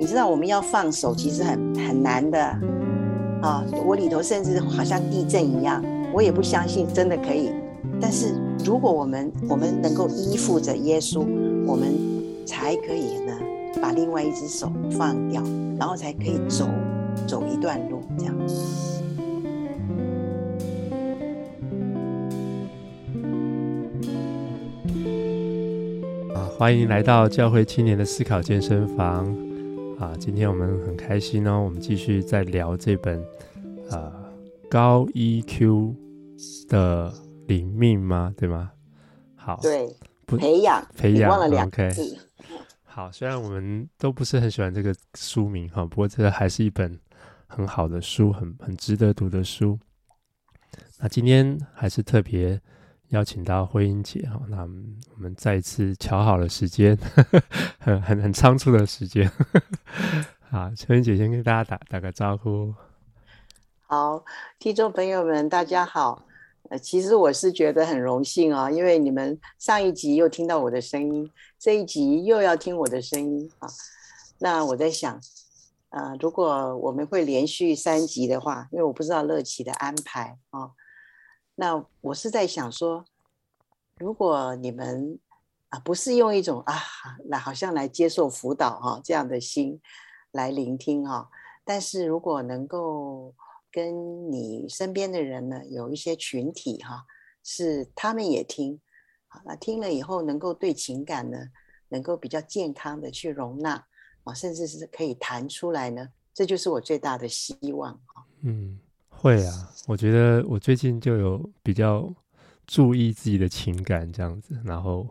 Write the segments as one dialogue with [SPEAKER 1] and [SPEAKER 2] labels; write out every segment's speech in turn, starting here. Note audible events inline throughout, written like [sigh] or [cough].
[SPEAKER 1] 你知道我們要放手，其實很很難的啊！我裡頭甚至好像地震一樣，我也不相信真的可以。但是如果我們我們能夠依附着耶穌，我們才可以呢，把另外一隻手放掉，然後才可以走走一段路這樣。
[SPEAKER 2] 歡迎來到教會青年的思考健身房啊！今天我們很開心哦，我們繼續在聊這本啊、呃、高 EQ 的靈命嗎？對嗎？好，不對，培養培養了兩次、嗯 okay。好，雖然我們都不是很喜歡這個書名哈、哦，不過這個還是一本很好的書，很很值得讀的書。那今天還是特別。邀請到惠英姐哈，那我們再一次巧好了時間，很很很倉促的時間，啊，惠英姐先跟大家打打個招呼。
[SPEAKER 1] 好，聽眾朋友們，大家好。呃，其實我是覺得很榮幸啊、哦，因為你們上一集又聽到我的聲音，這一集又要聽我的聲音啊。那我在想，啊、呃，如果我們會連續三集的話，因為我不知道樂奇的安排啊。那我是在想說，如果你們啊，不是用一種啊來好像來接受輔導哈，哦，這樣的心來聆聽，哦，但是如果能夠跟你身邊的人呢，有一些群體哈，哦，是他們也聽，啊，聽了以後能夠對情感呢，能夠比較健康的去容納，啊，甚至是可以談出來呢，這就是我最大的希望，哦，
[SPEAKER 2] 嗯。會啊，我覺得我最近就有比較注意自己的情感這樣子，然後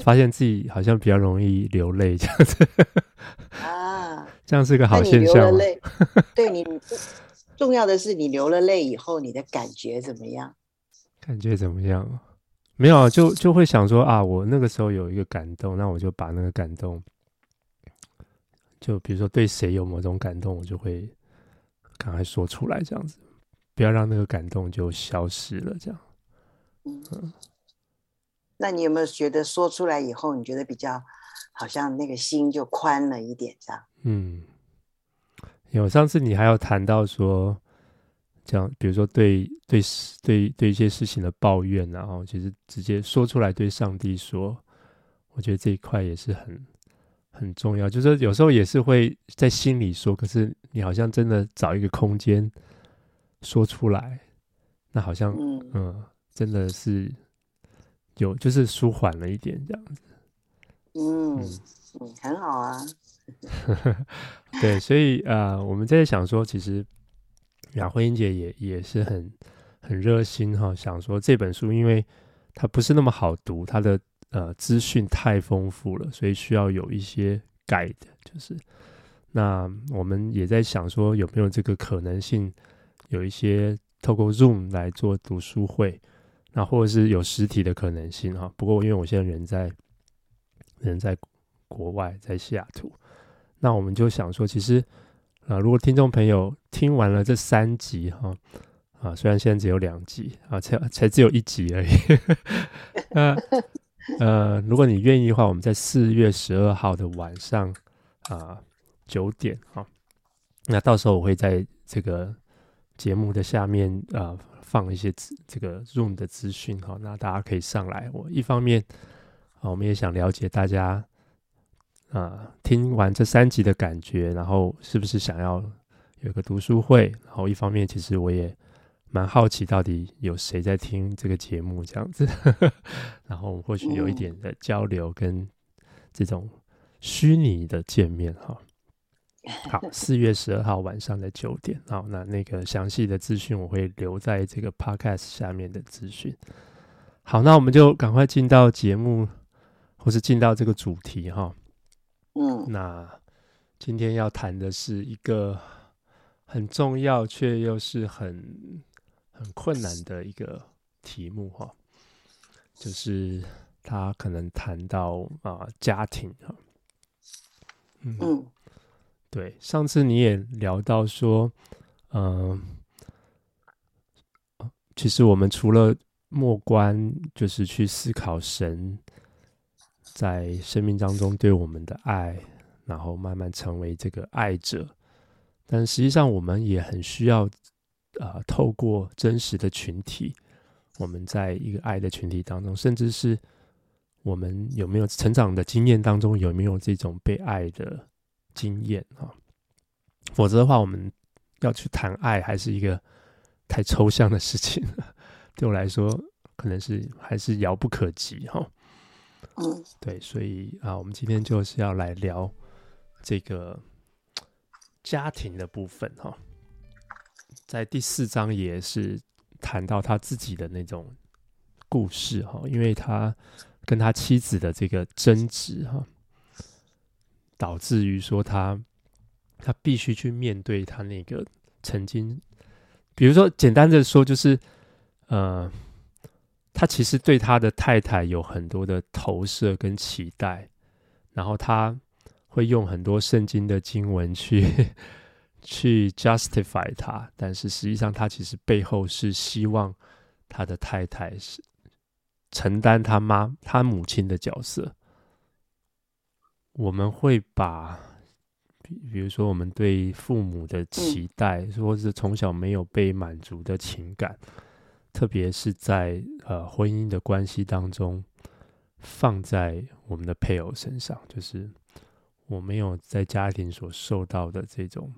[SPEAKER 2] 發現自己好像比較容易流淚這樣子。啊，這樣是一個好現象，你
[SPEAKER 1] 對你， [laughs] 重要的是你流了淚以後，你的感覺怎麼樣？
[SPEAKER 2] 感覺怎麼樣？沒有啊，就就會想說啊，我那個時候有一個感動，那我就把那個感動，就比如說對誰有某種感動，我就會趕快說出來這樣子。不要讓那個感動就消失了，這樣。
[SPEAKER 1] 嗯，嗯，那你有沒有覺得說出來以後，你覺得比較好像那個心就寬了一點，這樣？嗯，
[SPEAKER 2] 有、欸。上次你還有談到說，這樣比如說對對對對一些事情的抱怨，啊，然後其實直接說出來對上帝說，我覺得這一塊也是很很重要。就是有時候也是會在心裡說，可是你好像真的找一個空間。說出來，那好像嗯，嗯，真的是有，就是舒緩了一點這樣子。嗯，
[SPEAKER 3] 嗯，很好
[SPEAKER 2] 啊。 [laughs] [laughs] 對，所以啊，呃，我們在想說，其實楊慧英姐也也是很很熱心哈，想說這本書，因為它不是那麼好讀，它的呃資訊太豐富了，所以需要有一些 guide，就是那我們也在想說有沒有這個可能性。有一些透過 Zoom 來做讀書會，那或者是有實體的可能性哈。不過因為我現在人在人在國外，在西雅圖，那我們就想說，其實啊、呃，如果聽眾朋友聽完了這三集哈啊、呃，雖然現在只有兩集啊、呃，才才只有一集而已、 [laughs] 呃。那呃，如果你願意的話，我們在四月十二號的晚上啊九、呃、點哈、呃，那到時候我會在這個。節目的下面啊、呃，放一些這個 Zoom 的資訊哈、哦，那大家可以上來。我一方面啊，我們也想了解大家啊、呃、聽完這三集的感覺，然後是不是想要有個讀書會？然後一方面，其實我也蠻好奇，到底有誰在聽這個節目這樣子？呵呵然後我們或許有一點的交流跟這種虛擬的見面哈、哦。好，四月十二號晚上的九點。好，那那個詳細的資訊我會留在這個 podcast 下面的資訊。好，那我們就趕快進到節目，或是進到這個主題哈。嗯，那今天要談的是一個很重要卻又是很很困難的一個題目哈，就是他可能談到啊家庭哈。嗯。嗯對，上次你也聊到說，嗯、呃，其實我們除了默觀，就是去思考神在生命當中對我們的愛，然後慢慢成為這個愛者。但實際上，我們也很需要，啊、呃，透過真實的群體，我們在一個愛的群體當中，甚至是我們有沒有成長的經驗當中，有沒有這種被愛的經驗哈、啊，否則的話，我們要去談愛還是一個太抽象的事情， [laughs] 對我來說可能是還是遙不可及哈。啊、嗯，對，所以啊，我們今天就是要來聊這個家庭的部分哈、啊。在第四章也是談到他自己的那種故事哈、啊，因為他跟他妻子的這個爭執哈。啊導致於說他，他他必須去面對他那個曾經，比如說簡單的說，就是呃，他其實對他的太太有很多的投射跟期待，然後他會用很多聖經的經文去去 justify 他，但是實際上他其實背後是希望他的太太承擔他媽他母親的角色。我們會把，比比如說我們對父母的期待，或者是從小沒有被滿足的情感，特別是在呃婚姻的關係當中，放在我們的配偶身上，就是我沒有在家庭所受到的這種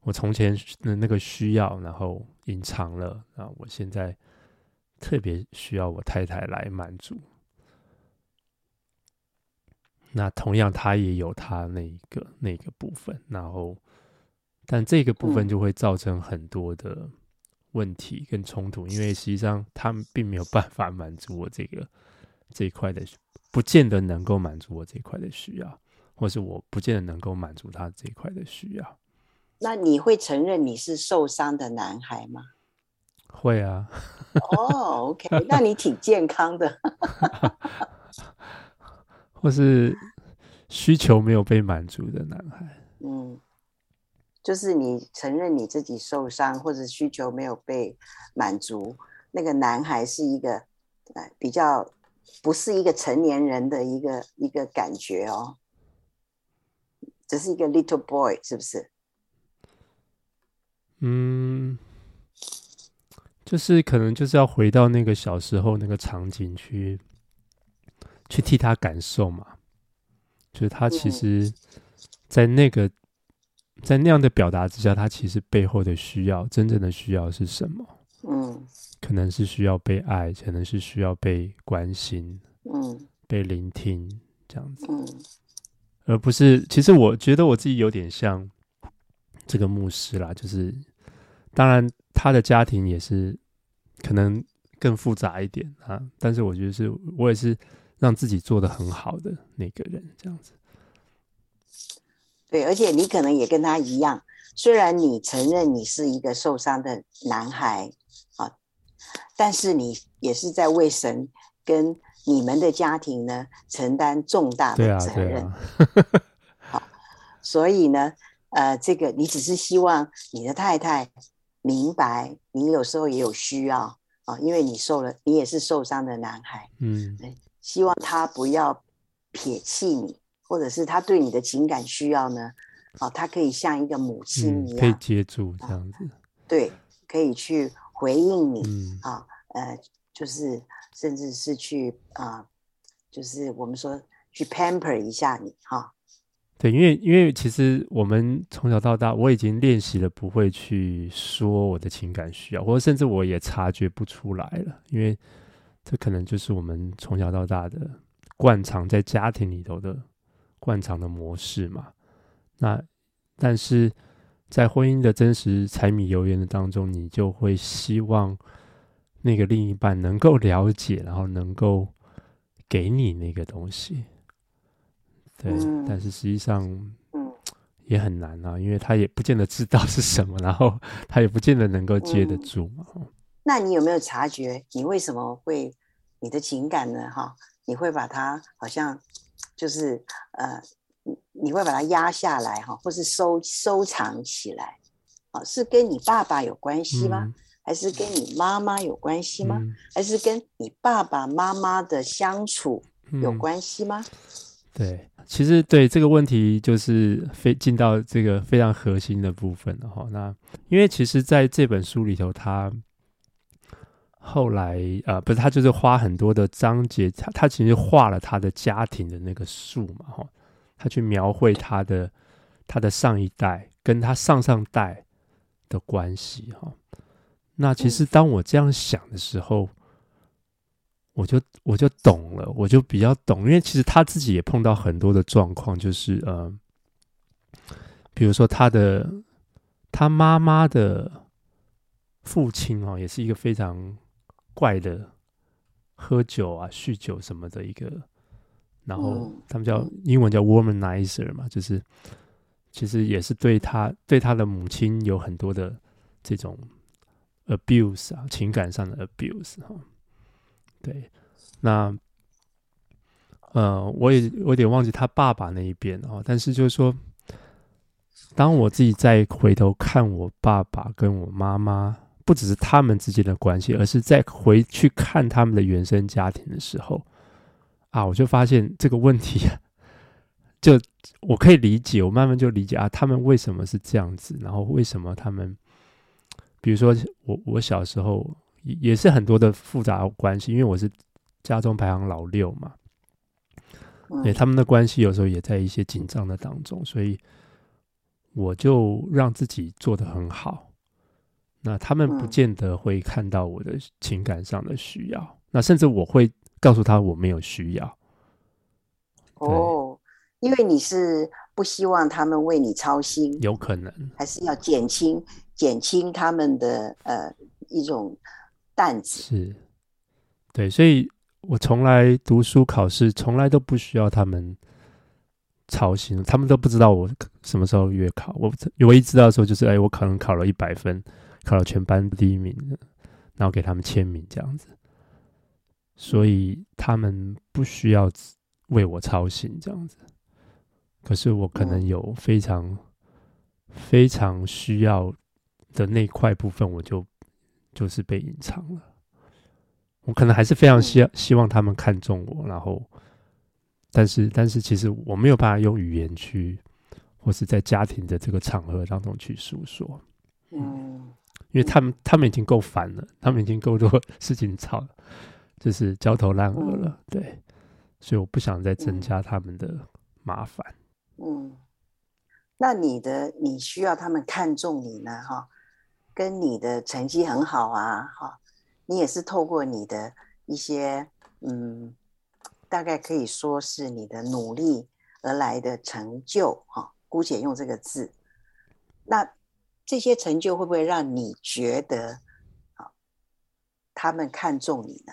[SPEAKER 2] 我從前的那個需要，然後隱藏了，然後我現在特別需要我太太來滿足。那同樣，他也有他那一個那個部分，然後，但這個部分就會造成很多的問題跟衝突，嗯。因為實際上他們並沒有辦法滿足我這個這一塊的，不見得能夠滿足我這一塊的需要，或是我不見得能夠滿足他這一塊的需要。
[SPEAKER 1] 那你會承認你是受傷的男孩嗎？
[SPEAKER 2] 會啊。哦、 [laughs] oh, OK，
[SPEAKER 1] 那你挺健康的。 [laughs]
[SPEAKER 2] 或是需求沒有被滿足的男孩，嗯，
[SPEAKER 1] 就是你承認你自己受傷或者需求沒有被滿足，那個男孩是一個呃比較不是一個成年人的一個一個感覺哦，只是一個 little boy，是不是？
[SPEAKER 2] 嗯，就是可能就是要回到那個小時候那個場景去。去替他感受嘛，就是他其實，在那個，在那樣的表達之下，他其實背後的需要，真正的需要是什麼？可能是需要被愛，可能是需要被關心，被聆聽這樣子。而不是，其實我覺得我自己有點像這個牧師啦，就是當然他的家庭也是可能更複雜一點啊，但是我覺得是，我也是。讓自己做得的很好的那個人，這樣子，
[SPEAKER 1] 對，而且你可能也跟他一樣，雖然你承認你是一個受傷的男孩啊，但是你也是在為神跟你們的家庭呢承擔重大的責任。好、啊啊 [laughs] 啊，所以呢，呃，這個你只是希望你的太太明白，你有時候也有需要啊，因為你受了，你也是受傷的男孩，嗯。希望他不要撇棄你，或者是他對你的情感需要呢？哦、啊，他可以像一個母親一樣，嗯、可以
[SPEAKER 2] 接住這樣子、
[SPEAKER 1] 啊。對，可以去回應你、嗯、啊，呃，就是甚至是去啊，就是我們說去 pamper 一下你哈。啊、
[SPEAKER 2] 對，因為因為其實我們從小到大，我已經練習了不會去說我的情感需要，或者甚至我也察覺不出來了，因為。這可能就是我們從小到大的慣常，在家庭裡頭的慣常的模式嘛。那但是，在婚姻的真實柴米油鹽的當中，你就會希望那個另一半能夠了解，然後能夠給你那個東西。對，但是實際上，也很難啊，因為他也不見得知道是什麼，然後他也不見得能夠接得住嘛。
[SPEAKER 1] 那你有沒有察覺你為什麼會你的情感呢？哈，你會把它好像就是呃，你會把它壓下來哈，或是收收藏起來？啊，是跟你爸爸有關係嗎？還是跟你媽媽有關係嗎？嗯，還是跟你爸爸媽媽的相處有關係嗎？嗯，嗯，
[SPEAKER 3] 對，
[SPEAKER 2] 其實對，這個問題就是非進到這個非常核心的部分了哈。那因為其實在這本書裡頭，它後來，呃，不是，他就是花很多的章節，他他其實畫了他的家庭的那個樹嘛，哈，他去描繪他的他的上一代跟他上上代的關係，哈。那其實當我這樣想的時候，我就我就懂了，我就比較懂，因為其實他自己也碰到很多的狀況，就是呃，比如說他的他媽媽的父親哦，也是一個非常。怪的，喝酒啊，酗酒什麼的一個，然後他們叫、嗯嗯、英文叫 womanizer 嘛，就是其實也是對他對他的母親有很多的這種 abuse 啊，情感上的 abuse 哈、哦。對，那呃，我也我有點忘記他爸爸那一邊哦，但是就是說，當我自己再回頭看我爸爸跟我媽媽。不只是他們之間的關係，而是在回去看他們的原生家庭的時候，啊，我就發現這個問題，就我可以理解，我慢慢就理解啊，他們為什麼是這樣子，然後為什麼他們，比如說我，我小時候也是很多的複雜關係，因為我是家中排行老六嘛，對、欸，他們的關係有時候也在一些緊張的當中，所以我就讓自己做得很好。那他們不見得會看到我的情感上的需要，嗯、那甚至我會告訴他我沒有需要。
[SPEAKER 1] 哦，因為你是不希望他們為你操心，有可能還是要減輕減輕他們的呃一種擔子。是
[SPEAKER 2] 對，所以我從來讀書考試，從來都不需要他們操心，他們都不知道我什麼時候月考。我唯一知道的時候就是，哎、欸，我可能考了一百分。考到全班第一名，然後給他們簽名這樣子，所以他們不需要為我操心這樣子。可是我可能有非常、嗯、非常需要的那塊部分，我就就是被隱藏了。我可能還是非常希、嗯、希望他們看中我，然後，但是但是其實我沒有辦法用語言去，或是在家庭的這個場合當中去訴說。嗯。嗯因為他們他們已經夠煩了，他們已經夠多事情吵了，就是焦頭爛額了，嗯、對，所以我不想再增加他們的麻煩。
[SPEAKER 1] 嗯，嗯，那你的你需要他們看重你呢？哈、哦，跟你的成績很好啊，哈、哦，你也是透過你的一些嗯，大概可以說是你的努力而來的成就哈、哦，姑且用這個字。那。這些成就會不會讓你覺得，哦、他們看重你呢？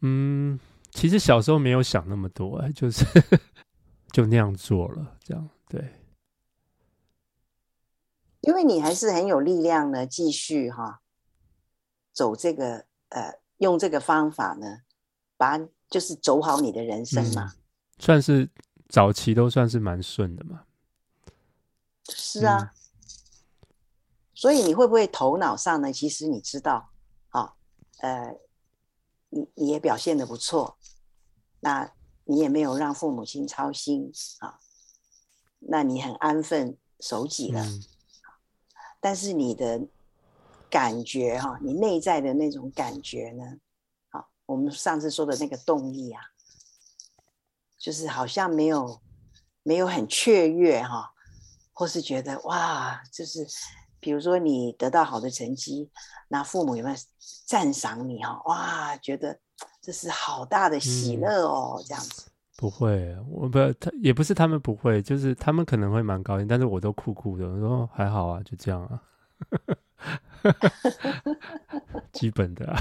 [SPEAKER 1] 嗯，
[SPEAKER 2] 其實小時候沒有想那麼多，哎、就是 [laughs] 就那樣做了，這樣對。
[SPEAKER 1] 因為你還是很有力量呢。繼續哈、啊，走這個呃，用這個方法呢，把就是走好你的人生嘛，
[SPEAKER 2] 嗯。算是早期都算是蠻順的嘛。
[SPEAKER 1] 是啊。嗯所以你會不會頭腦上呢？其實你知道，啊，呃，你你也表現得不錯，那你也沒有讓父母親操心啊，那你很安分守己
[SPEAKER 3] 了。
[SPEAKER 1] 嗯、但是你的感覺哈、啊，你內在的那種感覺呢？好、啊，我們上次說的那個動力啊，就是好像沒有沒有很雀躍哈、啊，或是覺得哇，就是。比如說你得到好的成績，那父母有沒有讚賞你、哦？哇，覺得這是好大的喜樂哦，嗯、這樣子。
[SPEAKER 2] 不會，我不，他也不是他們不會，就是他們可能會蠻高興，但是我都酷酷的，我說還好啊，就這樣啊，基本的。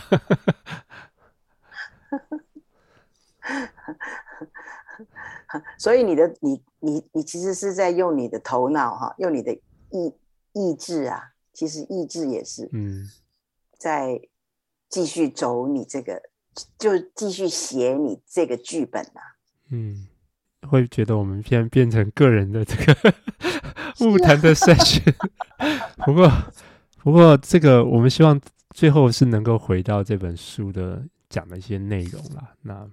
[SPEAKER 1] 所以你的你你你其實是在用你的頭腦哈、哦，用你的意。意志啊，其實意志也是，嗯，在繼續走你這個，就繼續寫你這個劇本吶、
[SPEAKER 2] 啊。嗯，會覺得我們變變成個人的這個晤談的 session。啊、 [laughs] 不過，不過這個我們希望最後是能夠回到這本書的講的一些內容啦，那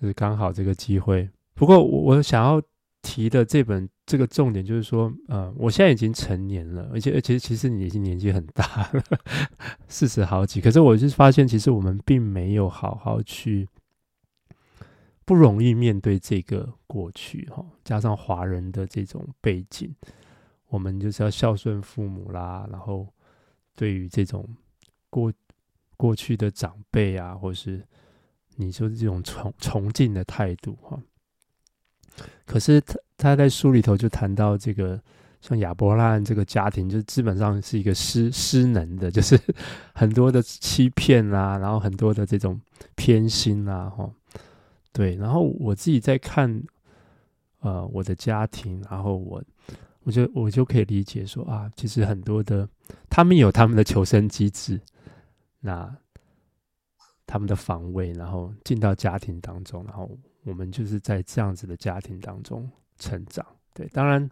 [SPEAKER 2] 就是剛好這個機會。不過我，我想要。提的這本這個重點就是說，呃，我現在已經成年了，而且，而且，其實你已經年紀很大了，四十好幾。可是，我就發現，其實我們並沒有好好去，不容易面對這個過去哈。加上華人的這種背景，我們就是要孝順父母啦，然後對於這種過過去的長輩啊，或是你說這種崇崇敬的態度哈，啊。可是他他在書裡頭就談到這個，像亞伯拉罕這個家庭，就基本上是一個失失能的，就是很多的欺騙啊，然後很多的這種偏心啊，哈，對。然後我自己在看，呃，我的家庭，然後我我就我就可以理解說啊，其實很多的他們有他們的求生機制，那。他們的防衛，然後進到家庭當中，然後我們就是在這樣子的家庭當中成長。對，當然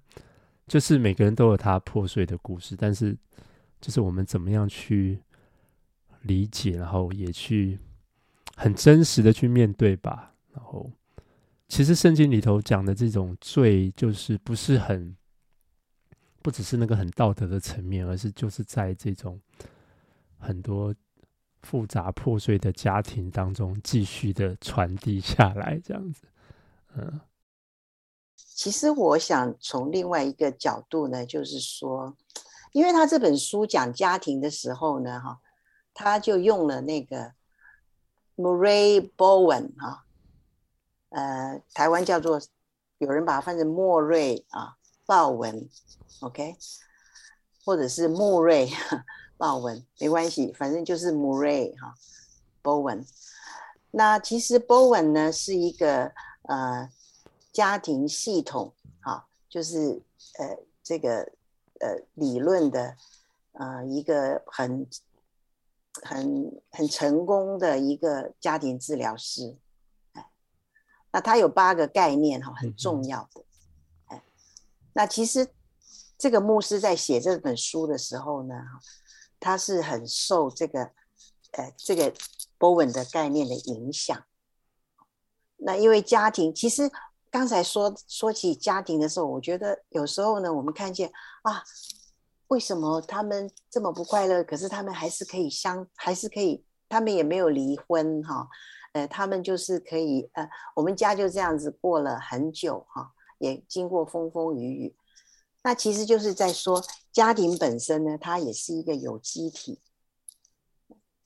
[SPEAKER 2] 就是每個人都有他破碎的故事，但是就是我們怎麼樣去理解，然後也去很真實的去面對吧。然後其實聖經裡頭講的這種罪就是不是很，不只是那個很道德的層面，而是就是在這種很多，複雜破碎的家庭當中，繼續的傳遞下來，這樣子，嗯、
[SPEAKER 1] 其實我想從另外一個角度呢，就是說，因為他這本書講家庭的時候呢，哈、哦，他就用了那個莫瑞鮑文啊，呃，台灣叫做有人把它翻 u 莫瑞啊，豹文，OK，或者是莫瑞。呵呵波文沒關係，反正就是穆瑞哈，波文。那其實波文呢是一個呃家庭系統，哦，就是呃這個呃理論的呃一個很很很成功的一個家庭治療師。哎，那他有八個概念哈，很重要的。哎，那其實這個牧師在寫這本書的時候呢，他是很受這個，呃，這個 Bowen 的概念的影響。那因為家庭，其實剛才說說起家庭的時候，我覺得有時候呢，我們看見啊，為什麼他們這麼不快樂？可是他們還是可以相，還是可以，他們也沒有離婚哈。呃，他們就是可以，呃，我們家就這樣子過了很久哈，也經過風風雨雨。那其實就是在說，家庭本身呢，它也是一個有機體，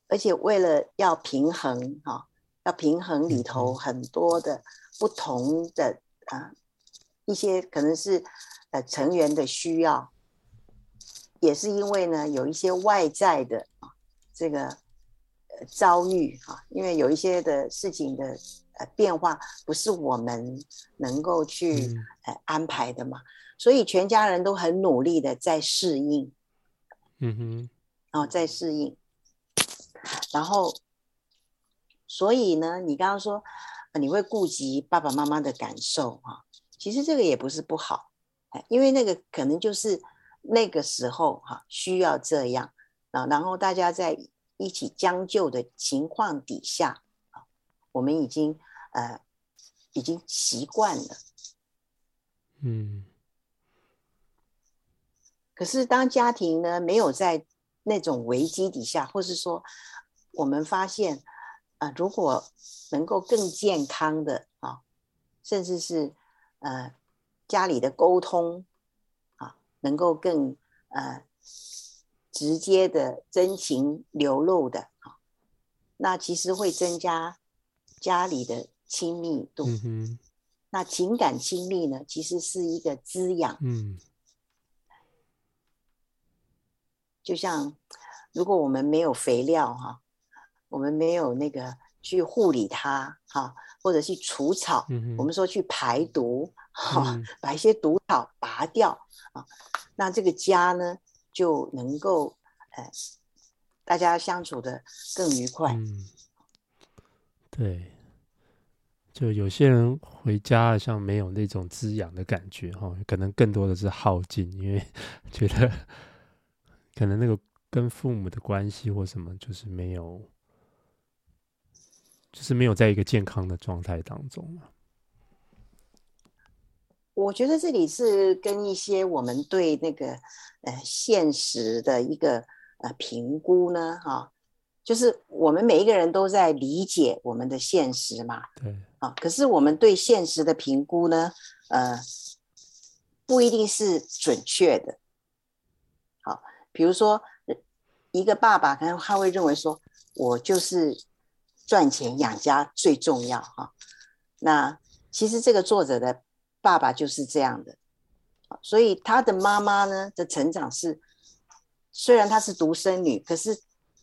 [SPEAKER 1] 而且為了要平衡哈、啊，要平衡裡頭很多的不同的啊，一些可能是呃成員的需要，也是因為呢有一些外在的啊這個呃遭遇啊，因為有一些的事情的呃變化，不是我們能夠去、嗯、呃安排的嘛。所以全家人都很努力的在適應，嗯
[SPEAKER 3] 哼，
[SPEAKER 1] 然後、啊、在適應，然後，所以呢，你剛剛說、啊、你會顧及爸爸媽媽的感受啊，其實這個也不是不好、啊，因為那個可能就是那個時候哈、啊、需要這樣，啊，然後大家在一起將就的情況底下、啊、我們已經呃已經習慣了，嗯。可是，當家庭呢沒有在那種危機底下，或是說我們發現，啊、呃，如果能夠更健康的啊，甚至是呃家裡的溝通啊，能夠更呃直接的真情流露的，啊，那其實會增加家裡的親密度。嗯哼。那情感親密呢，其實是一個滋養。嗯就像如果我們沒有肥料哈、啊，我們沒有那個去護理它哈、啊，或者去除草，嗯、哼我們說去排毒哈、嗯哼啊，把一些毒草拔掉啊，那這個家呢就能夠呃大家相處得更愉
[SPEAKER 3] 快。嗯，
[SPEAKER 2] 對，就有些人回家好像沒有那種滋養的感覺哈、哦，可能更多的是耗盡，因為覺得。可能那個跟父母的關係或什麼，就是沒有，就是沒有在一個健康的狀態當中，啊。
[SPEAKER 1] 我覺得這裡是跟一些我們對那個呃現實的一個呃評估呢，哈，啊，就是我們每一個人都在理解我們的現實嘛，對，啊，可是我們對現實的評估呢，呃，不一定是準確的，好，啊。比如說，一個爸爸，可能他會認為說，我就是賺錢養家最重要哈，啊。那其實這個作者的爸爸就是這樣的，所以他的媽媽呢的成長是，雖然她是獨生女，可是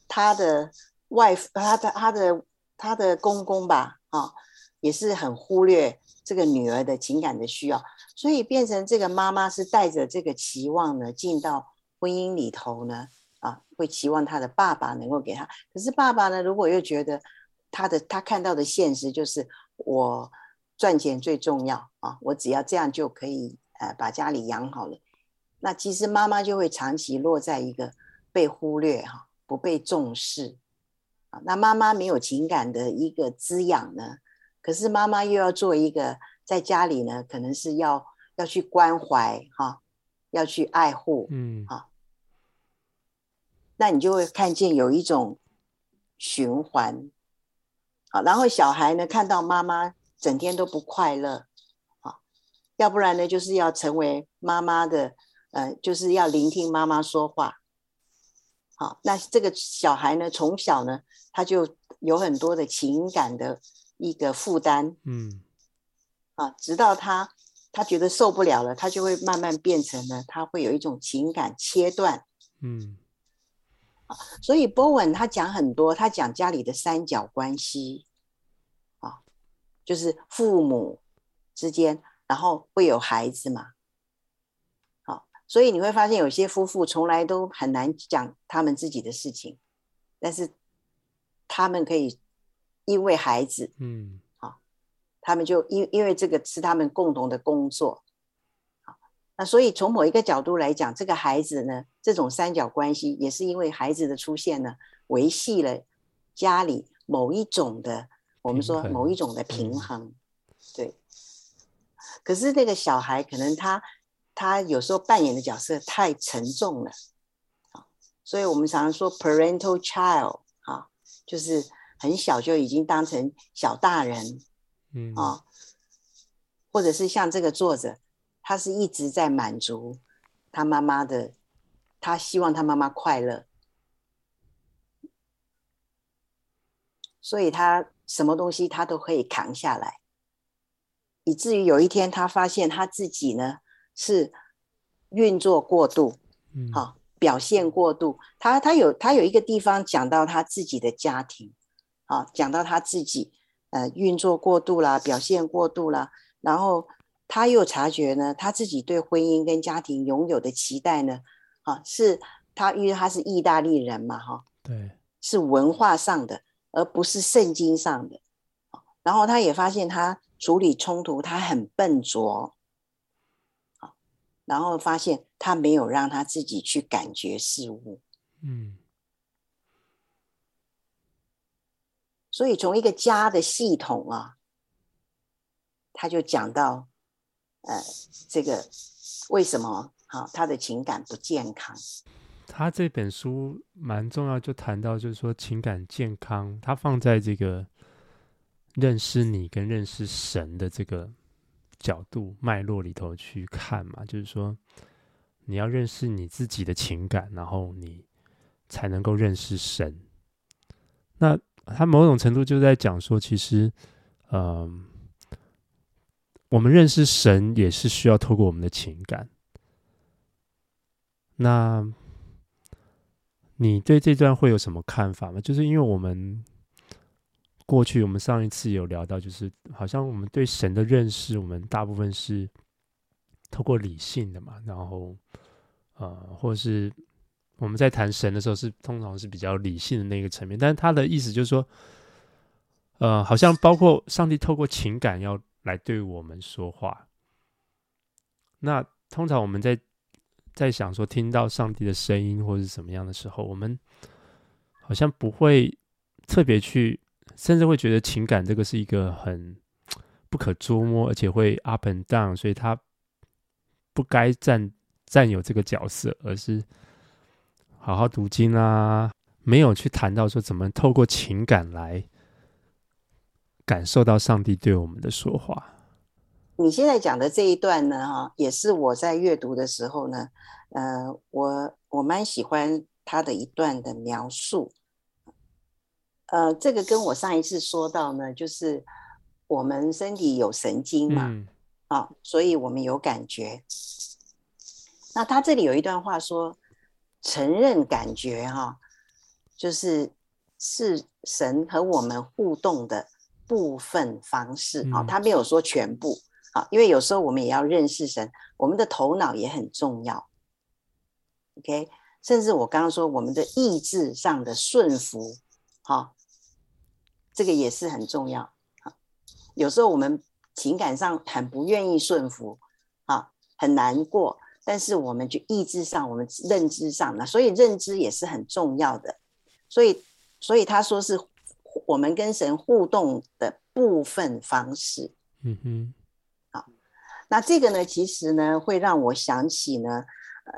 [SPEAKER 1] 她的外她的她的她的公公吧啊，也是很忽略這個女兒的情感的需要，所以變成這個媽媽是帶着這個期望呢進到。婚姻裡頭呢，啊，會期望他的爸爸能夠給他。可是爸爸呢，如果又覺得他的他看到的現實就是我賺錢最重要啊，我只要這樣就可以呃把家裡養好了。那其實媽媽就會長期落在一個被忽略哈，不被重視啊。那媽媽沒有情感的一個滋養呢，可是媽媽又要做一個在家裡呢，可能是要要去關懷哈。啊要去愛護，嗯、啊，那你就會看見有一種循環，啊、然後小孩呢，看到媽媽整天都不快樂，啊、要不然呢就是要成為媽媽的，呃，就是要聆聽媽媽說話，好、啊，那這個小孩呢，從小呢，他就有很多的情感的一個負擔，
[SPEAKER 3] 嗯，
[SPEAKER 1] 啊，直到他。他覺得受不了了，他就會慢慢變成了，他會有一種情感切斷，嗯，所以波文他講很多，他講家裡的三角關係，就是父母之間，然後會有孩子嘛，所以你會發現有些夫婦從來都很難講他們自己的事情，但是他們可以因為孩子，嗯。他們就因為因為這個是他們共同的工作，好，那所以從某一個角度來講，這個孩子呢，這種三角關係也是因為孩子的出現呢，維繫了家裡某一種的平衡，我們說某一種的平衡，嗯，對。可是那個小孩可能他他有時候扮演的角色太沉重了，啊，所以我們常常說 parental child 啊，就是很小就已經當成小大人。啊，嗯，或者是像這個作者，他是一直在滿足他媽媽的，他希望他媽媽快樂，所以他什麼東西他都可以扛下來，以至於有一天他發現他自己呢，是運作過度，嗯，好、啊，表現過度。他他有他有一個地方講到他自己的家庭，啊，講到他自己。呃，運作過度啦，表現過度啦，然後他又察覺呢，他自己對婚姻跟家庭擁有的期待呢，啊，是他因為他是意大利人嘛，哈，啊，對，是文化上的，而不是聖經上的。啊，然後他也發現他處理衝突，他很笨拙，啊，然後發現他沒有讓他自己去感覺事物，嗯。所以從一個家的系統啊，他就講到，呃，這個為什麼好，啊？他的情感不健康。
[SPEAKER 2] 他這本書蠻重要，就談到就是說情感健康，他放在這個認識你跟認識神的這個角度脈絡裡頭去看嘛，就是說你要認識你自己的情感，然後你才能夠認識神。那。他某種程度就在講說，其實，嗯、呃，我們認識神也是需要透過我們的情感。那，你對這段會有什麼看法嗎？就是因為我們過去我們上一次有聊到，就是好像我們對神的認識，我們大部分是透過理性的嘛，然後，啊、呃，或是。我們在談神的時候，是通常是比較理性的那個層面，但是他的意思就是說，呃，好像包括上帝透過情感要來對我們說話。那通常我們在在想說聽到上帝的聲音或者是怎麼樣的時候，我們好像不會特別去，甚至會覺得情感這個是一個很不可捉摸，而且會 up and down，所以他不該佔佔有這個角色，而是。好好讀經啊，沒有去談到說怎麼透過情感來感受到上帝對我們的說話。
[SPEAKER 1] 你現在講的這一段呢，哈，也是我在閱讀的時候呢，呃，我我蠻喜歡他的一段的描述。呃，這個跟我上一次說到呢，就是我們身體有神經嘛，啊，嗯，哦，所以我們有感覺。那他這裡有一段話說。承認感覺哈，就是是神和我們互動的部分方式啊。他沒有說全部啊，因為有時候我們也要認識神，我們的頭腦也很重要。OK，甚至我剛剛說我們的意志上的順服，哈，這個也是很重要啊。有時候我們情感上很不願意順服，啊，很難過。但是我們就意志上，我們認知上呢，所以認知也是很重要的。所以，所以他說是我們跟神互動的部分方式。嗯
[SPEAKER 3] 哼，
[SPEAKER 1] 好，那這個呢，其實呢，會讓我想起呢，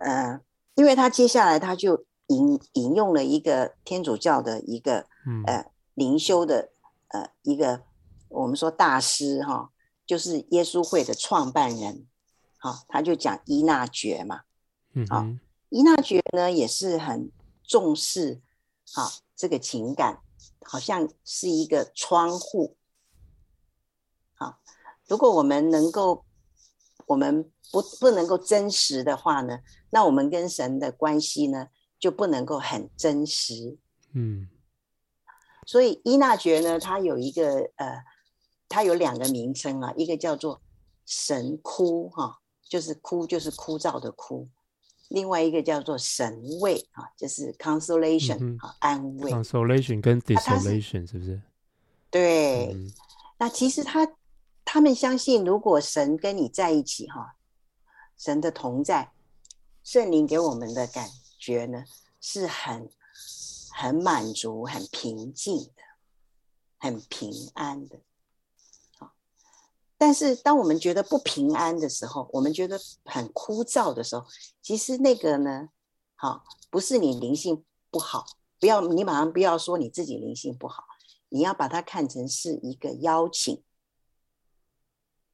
[SPEAKER 1] 呃，因為他接下來他就引引用了一個天主教的一個、嗯呃、靈修的呃一個我們說大師哈、哦，就是耶穌會的創辦人。哦、他就講依納爵嘛，啊、哦，嗯、哼依納爵呢也是很重視啊、哦、這個情感，好像是一個窗戶，啊、哦，如果我們能夠，我們不不能夠真實的話呢，那我們跟神的關係呢就不能夠很真實，嗯，所以依納爵呢，它有一個呃，它有兩個名稱啊，一個叫做神枯哈。哦就是枯，就是枯燥的枯。另外一個叫做神慰啊，就是 consolation 啊，安慰。嗯、
[SPEAKER 2] consolation 跟 desolation、啊、是，是不是？
[SPEAKER 1] 對，嗯、那其實他他們相信，如果神跟你在一起哈、啊，神的同在，聖靈給我們的感覺呢，是很很滿足、很平靜的，很平安的。但是，當我們覺得不平安的時候，我們覺得很枯燥的時候，其實那個呢，好，不是你靈性不好，不要，你馬上不要說你自己靈性不好，你要把它看成是一個邀請，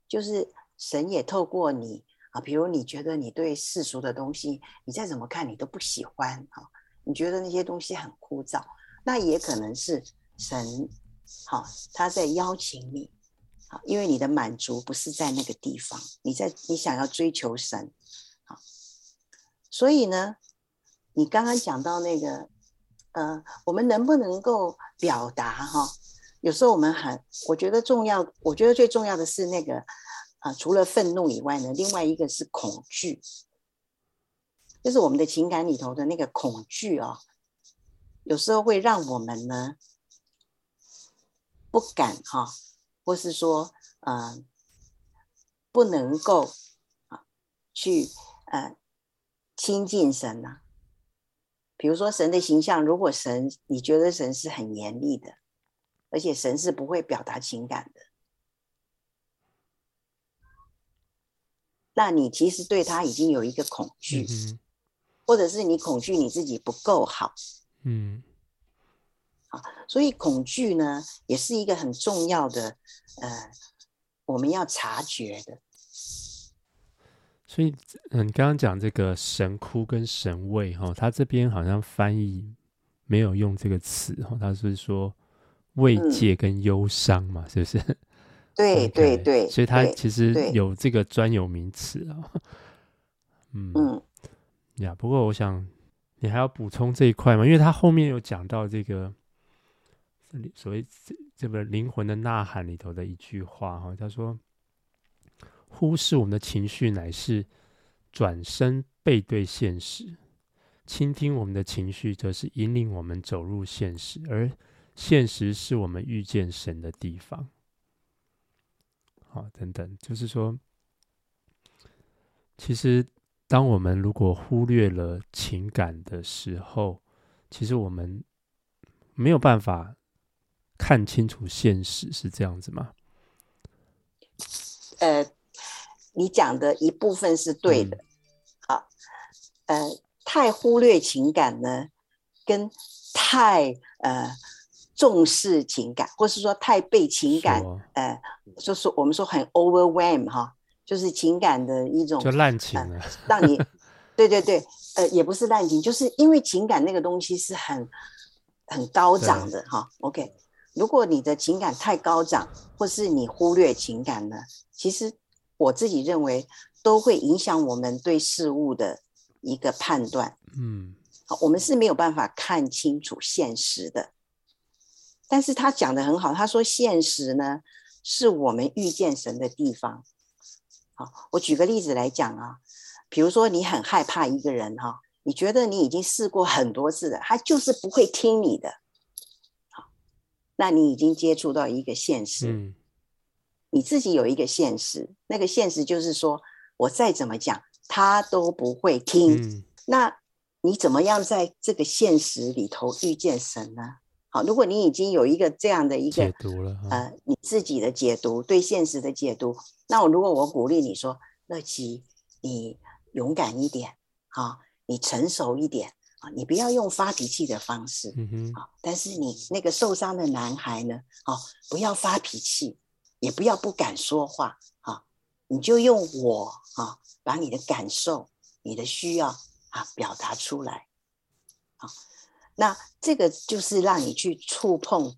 [SPEAKER 1] 就是神也透過你啊，比如你覺得你對世俗的東西，你再怎麼看你都不喜歡啊，你覺得那些東西很枯燥，那也可能是神，好，他在邀請你。因為你的滿足不是在那個地方，你在你想要追求神，所以呢，你剛剛講到那個，呃，我們能不能夠表達哈？有時候我們很，我覺得重要，我覺得最重要的是那個，啊，除了憤怒以外呢，另外一個是恐懼，就是我們的情感裡頭的那個恐懼啊，有時候會讓我們呢不敢哈。哦或是說，嗯、呃，不能夠啊，去呃親近神呢、啊？比如說，神的形象，如果神你覺得神是很嚴厲的，而且神是不會表達情感的，那你其實對他已經有一個恐
[SPEAKER 3] 懼，嗯、
[SPEAKER 1] 哼或者是你恐懼你自己不夠好，嗯。所以恐懼呢，也是一個很重要的，呃，我們要察覺的。
[SPEAKER 2] 所以，嗯，剛剛講這個神枯跟神慰哈，他這邊好像翻譯沒有用這個詞哈，他是，是說慰藉跟憂傷嘛，嗯，是不是？對對對，okay, 對對，所以他其實有這個專有名詞啊、喔。嗯嗯，嗯呀，不過我想你還要補充這一塊嘛，因為他後面有講到這個。所謂“這這個靈魂的吶喊”裡頭的一句話哈、哦，他說：“忽視我們的情緒，乃是轉身背對現實；傾聽我們的情緒，則是引領我們走入現實。而現實是我們遇見神的地方。”哦，好，等等，就是說，其實當我們如果忽略了情感的時候，其實我們沒有辦法。看清楚現實是這樣子嗎？
[SPEAKER 1] 呃，你講的一部分是對的，好、嗯啊，呃，太忽略情感呢，跟太呃重視情感，或是說太被情感，說呃，就是我們說很 overwhelm 哈，就是情感的一種就濫情了，呃、讓你 [laughs] 對對對，呃，也不是濫情，就是因為情感那個東西是很很高漲的哈對，OK。如果你的情感太高漲，或是你忽略情感呢，其實我自己認為都會影響我們對事物的一個判斷。嗯，好，我們是沒有辦法看清楚現實的。但是他講得很好，他說現實呢，是我們遇見神的地方。好，我舉個例子來講啊，比如說你很害怕一個人哈，你覺得你已經試過很多次了，他就是不會聽你的。那你已經接觸到一個現實，嗯、你自己有一個現實，那個現實就是說，我再怎麼講，他都不會聽。嗯、那你怎麼樣在這個現實裡頭遇見神呢？好，如果你已經有一個這樣的一個解讀了、嗯、呃，你自己的解讀對現實的解讀，那我如果我鼓勵你說，樂琪，你勇敢一點，好、啊，你成熟一點。你不要用發脾氣的方式，啊、嗯哼！但是你那個受傷的男孩呢？不要發脾氣，也不要不敢說話，啊，你就用我啊，把你的感受、你的需要啊表達出來，那這個就是讓你去觸碰，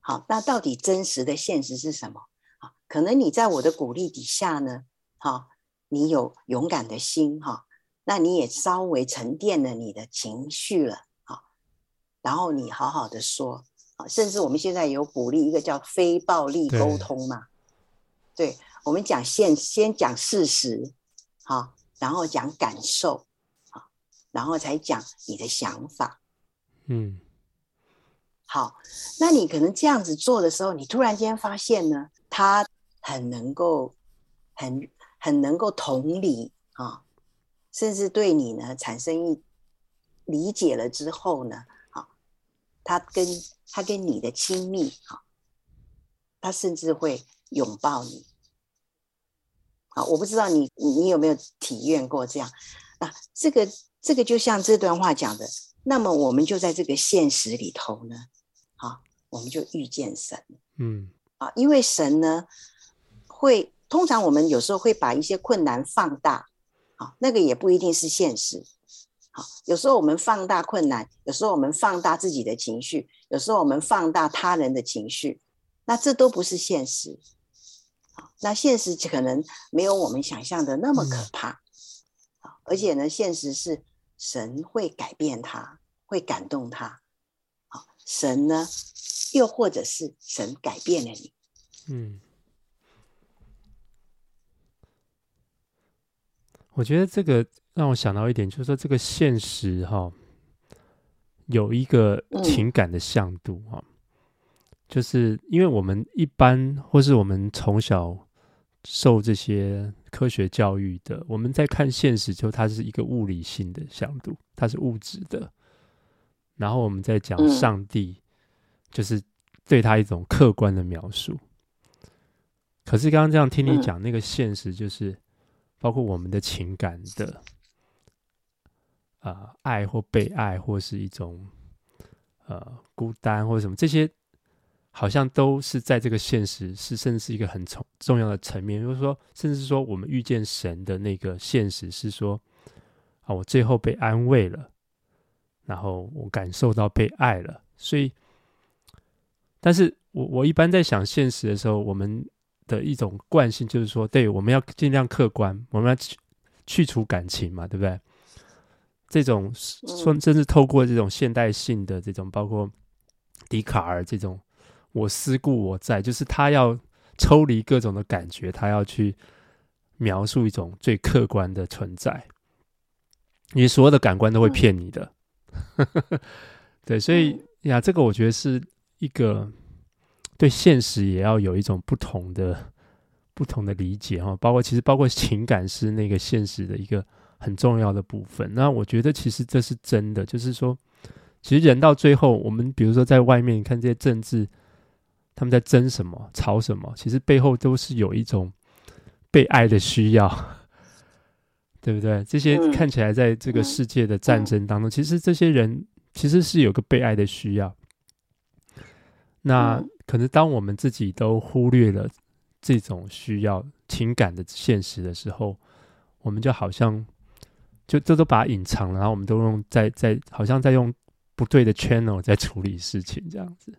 [SPEAKER 1] 好，那到底真實的現實是什麼？可能你在我的鼓勵底下呢，你有勇敢的心，哈。那你也稍微沉澱了你的情緒了啊，然後你好好的說啊，甚至我們現在有鼓勵一個叫非暴力溝通嘛，對，對，我們講先先講事實，然後講感受，然後才講你的想法，嗯，好，那你可能這樣子做的時候，你突然間發現呢，他很能夠，很很能夠同理。甚至對你呢產生一理解了之後呢，啊，他跟他跟你的親密啊，他甚至會擁抱你，啊，我不知道你你，你有沒有體驗過這樣？啊，這個這個就像這段話講的，那麼我們就在這個現實裡頭呢，啊，我們就遇見神，
[SPEAKER 3] 嗯，
[SPEAKER 1] 啊，因為神呢會，通常我們有時候會把一些困難放大。那個也不一定是現實。好，有時候我們放大困難，有時候我們放大自己的情緒，有時候我們放大他人的情緒，那這都不是現實。那現實可能沒有我們想象的那麼可怕。嗯。而且呢，現實是神會改變他，會感動他。好，神呢，又或者是神改變
[SPEAKER 3] 了你。嗯。
[SPEAKER 2] 我覺得這個讓我想到一點，就是說這個現實哈，有一個情感的向度哈，就是因為我們一般或是我們從小受這些科學教育的，我們在看現實，就它是一個物理性的向度，它是物質的，然後我們在講上帝，就是對他一種客觀的描述。可是剛剛這樣聽你講，那個現實就是。包括我們的情感的，啊、呃，愛或被愛，或是一種，呃，孤單或者什麼，這些好像都是在這個現實是，甚至是一個很重重要的層面。就是說，甚至說我們遇見神的那個現實是說，啊，我最後被安慰了，然後我感受到被愛了。所以，但是我我一般在想現實的時候，我們。的一種慣性就是說，對，我們要盡量客觀，我們要去去除感情嘛，對不對？這種說，甚至透過這種現代性的這種，包括笛卡爾這種“我思故我在”，就是他要抽離各種的感覺，他要去描述一種最客觀的存在。你所有的感官都會騙你的，嗯、 [laughs] 對，所以呀，這個我覺得是一個。對現實也要有一種不同的，不同的理解哈，包括其實包括情感是那個現實的一個很重要的部分。那我覺得其實這是真的，就是說，其實人到最後，我們比如說在外面看這些政治，他們在爭什麼、吵什麼，其實背後都是有一種被愛的需要，對不對？這些看起來在這個世界的戰爭當中，其實這些人其實是有個被愛的需要。那可是，當我們自己都忽略了這種需要情感的現實的時候，我們就好像就這都把它隱藏了，然後我們都用在在好像在用不對的 channel 在處理事情這樣子。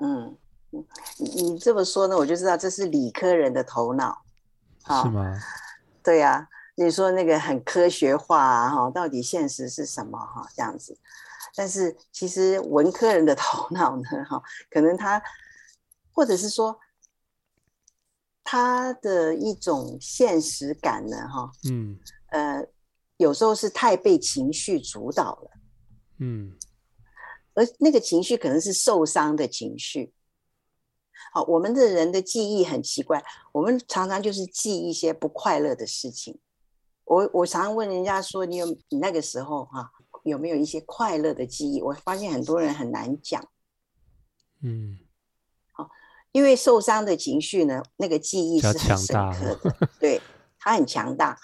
[SPEAKER 1] 嗯，你這麼說呢，我就知道這是理科人的頭腦，哦、是嗎？對啊，你說那個很科學化哈、啊哦，到底現實是什麼哈、哦？這樣子。但是其實文科人的頭腦呢，哈，可能他，或者是說，他的一種現實感呢，哈，嗯，呃，有時候是太被情緒主導
[SPEAKER 3] 了，
[SPEAKER 1] 嗯，而那個情緒可能是受傷的情緒。好，我們的人的記憶很奇怪，我們常常就是記一些不快樂的事情。我我常常問人家說，你有你那個時候哈、啊，有沒有一些快樂的記憶？我發現很多人很難講。
[SPEAKER 3] 嗯，
[SPEAKER 1] 好，因為受傷的情緒呢，那個記憶是很深刻的， [laughs] 對，它很強大。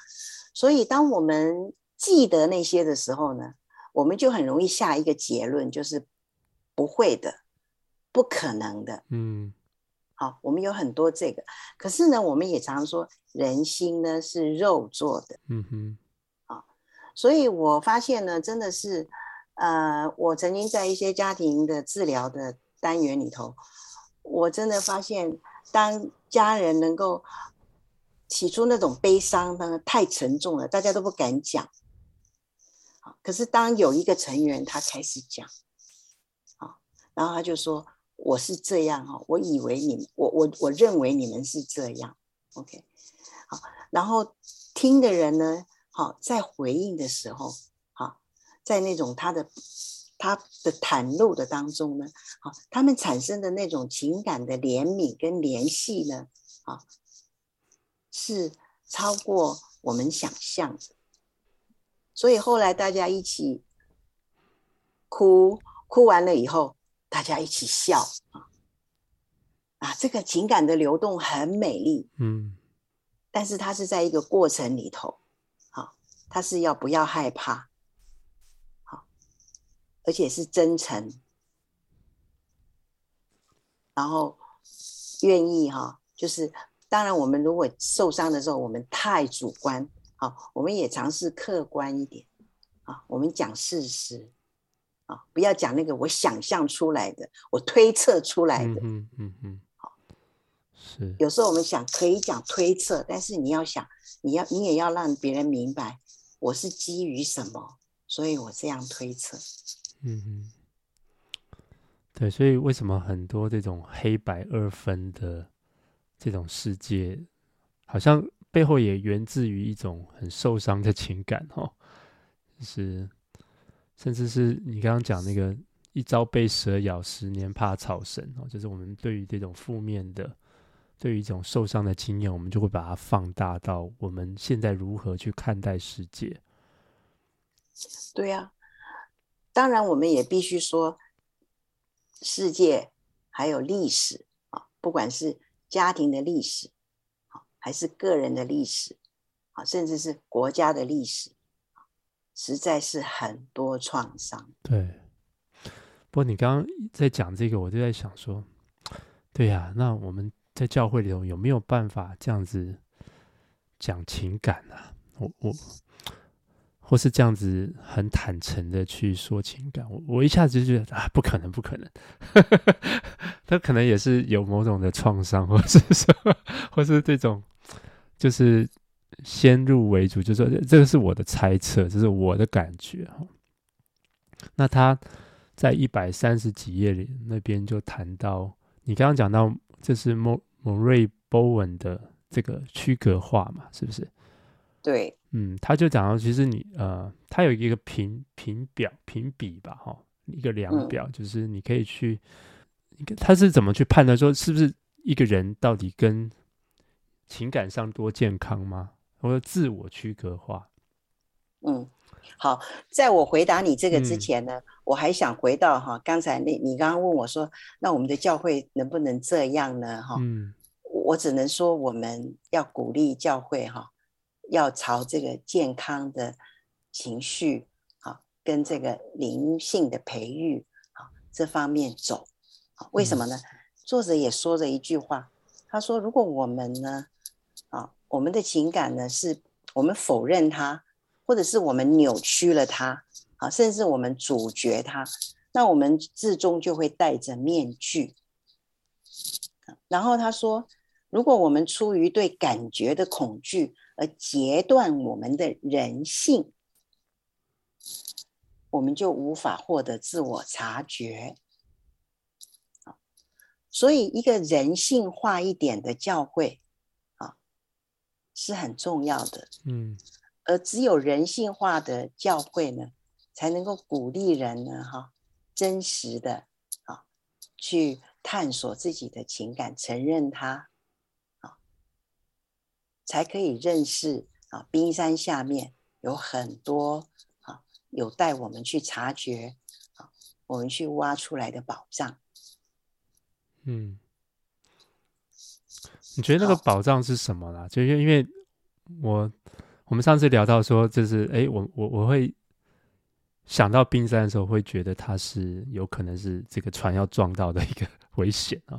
[SPEAKER 1] 所以當我們記得那些的時候呢，我們就很容易下一個結論，就是不會的，不可能的。
[SPEAKER 3] 嗯，
[SPEAKER 1] 好，我們有很多這個，可是呢，我們也常常說人心呢是肉做的。嗯哼。所以我發現呢，真的是，呃，我曾經在一些家庭的治療的單元裡頭，我真的發現，當家人能夠起出那種悲傷呢，太沉重了，大家都不敢講。好，可是當有一個成員他開始講，然後他就說：“我是這樣哦，我以為你們，我我我認為你們是這樣。” OK，好，然後聽的人呢？好，在回應的時候，好，在那種他的他的袒露的當中呢，好，他們產生的那種情感的憐憫跟聯繫呢，啊，是超過我們想象的。所以後來大家一起哭，哭完了以後，大家一起笑。啊，這個情感的流動很美麗，嗯，但是它是在一個過程裡頭。他是要不要害怕？好，而且是真誠，然後願意哈、啊。就是當然，我們如果受傷的時候，我們太主觀，好，我們也嘗試客觀一點啊。我們講事實啊，不要講那個我想象出來的，我推測出來的。嗯嗯嗯，好，是。有時候我們想可以講推測，但是你要想，你要你也要讓別人明白。我是基於什麼，所以我這樣推測。
[SPEAKER 2] 嗯哼，對，所以為什麼很多這種黑白二分的這種世界，好像背後也源自於一種很受傷的情感哦，就是甚至是你剛剛講那個“一朝被蛇咬，十年怕草繩”哦，就是我們對於這種負面的。對於一種受傷的經驗，我們就會把它放大到我們現在如何去看待世界。
[SPEAKER 1] 對呀、啊，當然我們也必須說，世界還有歷史啊，不管是家庭的歷史，啊、還是個人的歷史，好、啊、甚至是國家的歷史，啊、實在是很多創傷。
[SPEAKER 2] 對，不過你剛剛在講這個，我就在想說，對呀、啊，那我們。在教會裡頭有沒有辦法這樣子講情感呢、啊？我我或是這樣子很坦誠的去說情感，我我一下子就覺得啊，不可能，不可能。他 [laughs] 可能也是有某種的創傷，或是什麼，或是這種，就是先入為主，就是，說這個是我的猜測，這是我的感覺哈。那他在一百三十幾頁裡那邊就談到，你剛剛講到就是某。瑞波文的這個區隔化嘛，是不是？對，嗯，他就講到，其實你呃，他有一個評評表、評比吧，哈、哦，一個量表，嗯、就是你可以去，他是怎麼去判斷說是不是一個人到底跟情感上多健康嗎？或者自我區隔化？
[SPEAKER 1] 嗯，好，在我回答你這個之前呢，嗯、我還想回到哈、啊，剛才那你，你剛剛問我說，那我們的教會能不能這樣呢？哈、哦，嗯。我只能說，我們要鼓勵教會哈、啊，要朝這個健康的情緒啊，跟這個靈性的培育啊這方面走。為什麼呢？嗯、作者也說了一句話，他說：“如果我們呢，啊，我們的情感呢，是我們否認它，或者是我們扭曲了它，啊，甚至我們阻絕它，那我們至終就會戴着面具。”然後他說。如果我們出於對感覺的恐懼而截斷我們的人性，我們就無法獲得自我察覺。啊、所以，一個人性化一點的教會啊，是很重要的。嗯，而只有人性化的教會呢，才能夠鼓勵人呢，哈、啊，真實的啊，去探索自己的情感，承認它。才可以認識啊，冰山下面有很多啊，有待我們去察覺啊，我們去挖出來的寶藏。
[SPEAKER 2] 嗯，你覺得那個寶藏是什麼呢？好就是因為我我們上次聊到說，就是哎，我我我會想到冰山的時候，會覺得它是有可能是這個船要撞到的一個危險啊。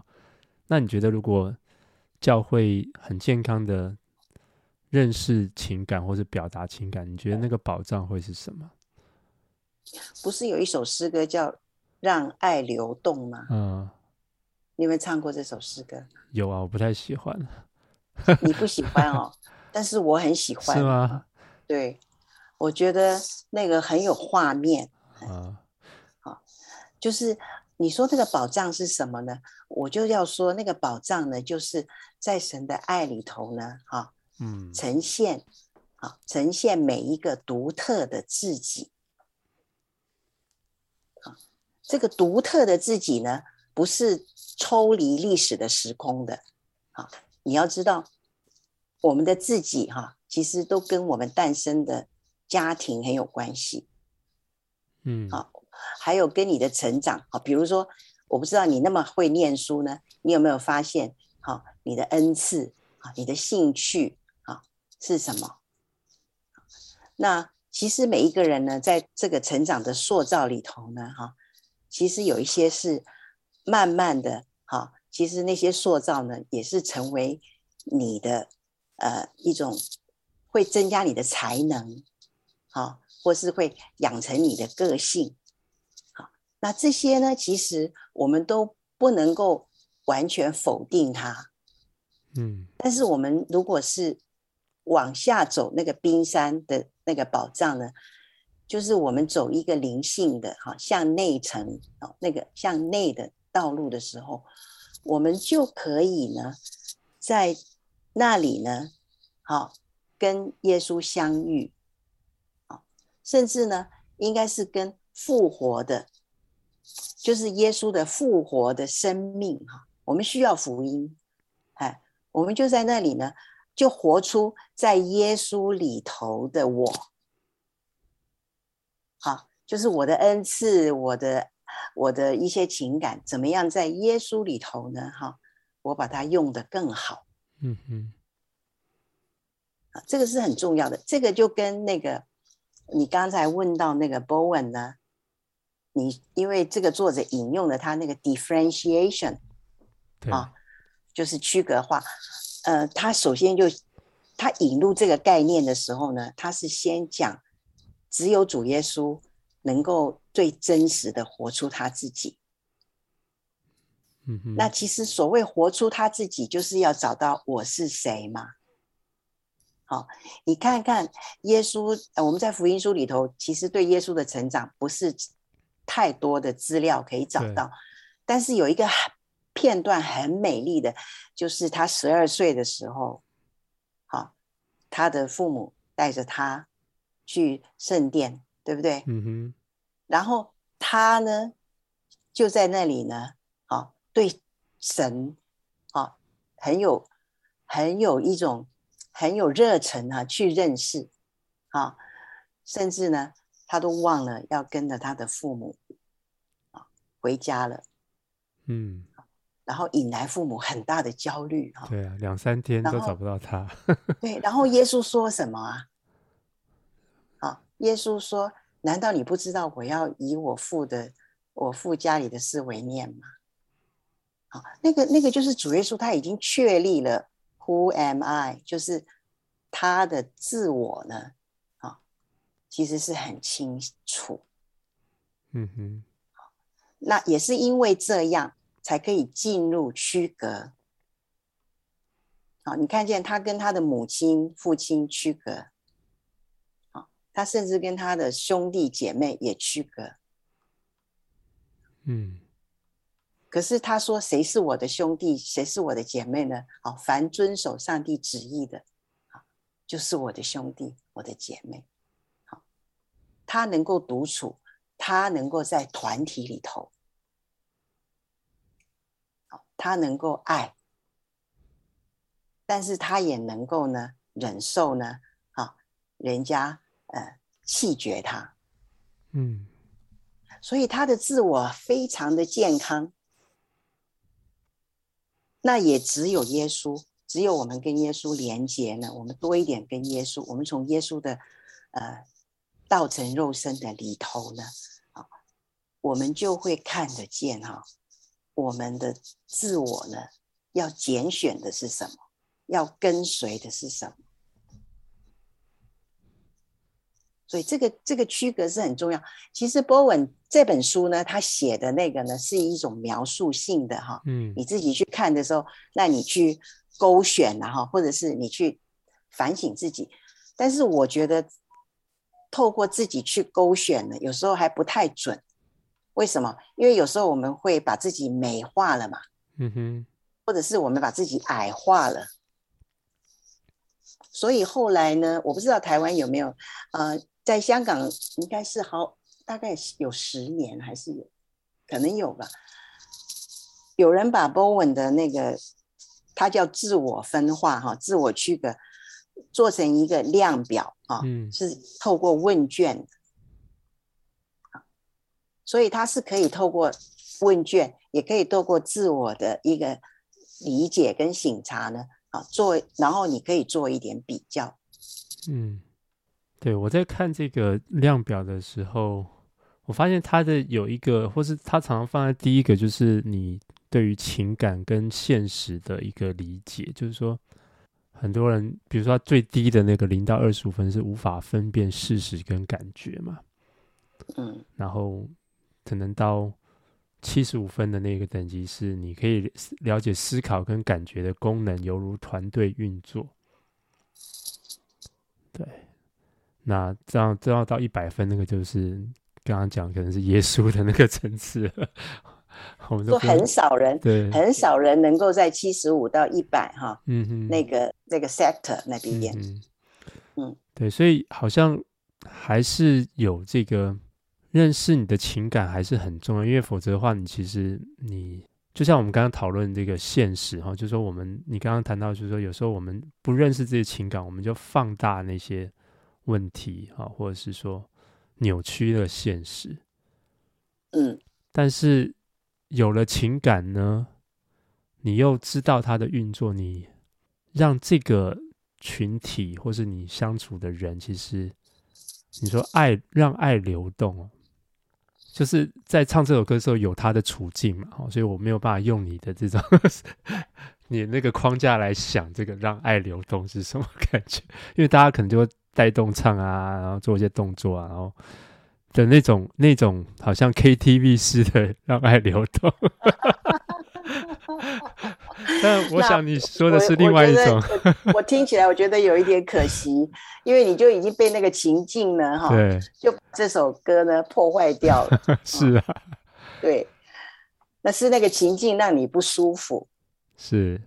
[SPEAKER 2] 那你覺得如果教會很健康的？認識情感或者表達情感，你覺得那個寶藏會是什麼？
[SPEAKER 1] 不是有一首詩歌叫《讓愛流動》嗎？嗯，你有沒有唱過這首詩歌？
[SPEAKER 2] 有啊，我不太喜歡。
[SPEAKER 1] [laughs] 你不喜歡哦？ [laughs] 但是我很喜歡，是嗎？嗯？對，我覺得那個很有畫面，嗯、啊。好，哦，就是你說那個寶藏是什麼呢？我就要說那個寶藏呢，就是在神的愛裡頭呢，哈、哦。嗯，呈現呈現每一個獨特的自己。這個獨特的自己呢，不是抽離歷史的時空的。你要知道，我們的自己哈，其實都跟我們誕生的家庭很有關係。
[SPEAKER 3] 嗯，
[SPEAKER 1] 還有跟你的成長。比如說，我不知道你那麼會唸書呢，你有沒有發現？你的恩賜，你的興趣。是什麼？那其實每一個人呢，在這個成長的塑造裡頭呢，哈，其實有一些是慢慢的，哈，其實那些塑造呢，也是成為你的，呃，一種會增加你的才能，好，或是會養成你的個性，好，那這些呢，其實我們都不能夠完全否定它，
[SPEAKER 3] 嗯，
[SPEAKER 1] 但是我們如果是。往下走，那個冰山的那個寶藏呢？就是我們走一個靈性的哈，向內層哦，那個向內的道路的時候，我們就可以呢，在那裡呢，好跟耶穌相遇啊，甚至呢，應該是跟復活的，就是耶穌的復活的生命哈。我們需要福音，哎，我們就在那裡呢。就活出在耶穌裡頭的我，好、啊，就是我的恩賜，我的我的一些情感，怎麼樣在耶穌裡頭呢？哈、啊，我把它用得更好。
[SPEAKER 3] 嗯
[SPEAKER 1] 嗯、哼、啊，這個是很重要的。這個就跟那個你剛才問到那個 Bowen 呢，你因為這個作者引用了他那個 differentiation 對啊，就是區隔化。呃，他首先就他引入這個概念的時候呢，他是先講只有主耶穌能夠最真實的活出他自己。嗯、
[SPEAKER 3] 哼那
[SPEAKER 1] 其實所謂活出他自己，就是要找到我是誰嘛。好，你看看耶穌、呃，我們在福音書裡頭，其實對耶穌的成長不是太多的資料可以找到，對但是有一個很片段很美麗的，就是他十二歲的時候，好、啊，他的父母帶着他去聖殿，對不對？嗯
[SPEAKER 3] 哼。
[SPEAKER 1] 然後他呢，就在那裡呢，好、啊，對神，啊、很有很有一種很有熱忱啊，去認識，啊，甚至呢，他都忘了要跟着他的父母啊回家了，嗯。然後引來父母很大的焦慮
[SPEAKER 2] 哈。對啊，兩三天都找不到他。後
[SPEAKER 1] [laughs] 對，然後耶穌說什麼啊？啊，耶穌說：“難道你不知道我要以我父的我父家裡的事為念嗎？”好、啊，那個那個就是主耶穌他已經確立了 Who am I？就是他的自我呢？啊，其實是很清楚。嗯
[SPEAKER 3] 哼、
[SPEAKER 1] 啊。那也是因為這樣。才可以進入區隔。好、啊，你看見他跟他的母親、父親區隔。好、啊，他甚至跟他的兄弟姐妹也區隔。嗯，可是他說：“誰是我的兄弟？誰是我的姐妹呢？”好、啊，凡遵守上帝旨意的、啊，就是我的兄弟、我的姐妹。好、啊，他能夠獨處，他能夠在團體裡頭。他能夠愛，但是他也能夠呢忍受呢，啊，人家呃棄絕他，嗯，所以他的自我非常的健康。那也只有耶穌，只有我們跟耶穌連接呢，我們多一點跟耶穌，我們從耶穌的呃道成肉身的裡頭呢，啊，我們就會看得見哈。啊我們的自我呢，要揀選的是什麼？要跟隨的是什麼？所以這個這個區隔是很重要。其實波文這本書呢，他寫的那個呢，是一種描述性的哈。嗯，你自己去看的時候，那你去勾選了啊哈，或者是你去反省自己。但是我覺得透過自己去勾選呢，有時候還不太準。為什麼？因為有時候我們會把自己美化了嘛，嗯
[SPEAKER 3] 哼，
[SPEAKER 1] 或者是我們把自己矮化了，所以後來呢，我不知道台灣有沒有，呃，在香港應該是好，大概有十年還是有，可能有吧。有人把 Bowen 的那個，他叫自我分化哈、啊，自我區隔，做成一個量表啊，嗯、是透過問卷。所以它是可以透過問卷，也可以透過自我的一個理解跟省察呢，啊，做，然後你可以做一點比較。嗯，
[SPEAKER 2] 對，我在看這個量表的時候，我發現它的有一個，或是它常常放在第一個，就是你對於情感跟現實的一個理解，就是說很多人，比如說他最低的那個零到二十五分是無法分辨事實跟感覺嘛，嗯，然後。可能到七十五分的那個等級是，你可以了解思考跟感覺的功能，猶如團隊運作。對，那這樣這樣到一百分，那個就是剛剛講，可能是耶穌的那個層次。 [laughs] 我們說很少人，對
[SPEAKER 1] 很少人能夠在七十五到一百哈，嗯哼那個那個 sector 那邊演，嗯，
[SPEAKER 2] 對，所以好像還是有這個。認識你的情感還是很重要，因為否則的話，你其實你就像我們剛剛討論這個現實哈，就說我們你剛剛談到，就是說有時候我們不認識這些情感，我們就放大那些問題啊，或者是說扭曲了現實。嗯，但是有了情感呢，你又知道它的運作，你讓這個群體或是你相處的人，其實你說愛，讓愛流動。就是在唱這首歌的時候有他的處境嘛，哦，所以我沒有辦法用你的這種你那個框架來想這個讓愛流動是什麼感覺？因為大家可能就會帶動唱啊，然後做一些動作啊，然後的那種那種好像 KTV 式的讓愛流動。 [laughs] 但 [laughs] 我想你說的是另外一種我我
[SPEAKER 1] 我，我聽起來我覺得有一點可惜， [laughs] 因為你就已經被那個情境呢哈，對就這首歌呢破壞掉了， [laughs] 是啊，對，那是那個情境讓你不舒服，是、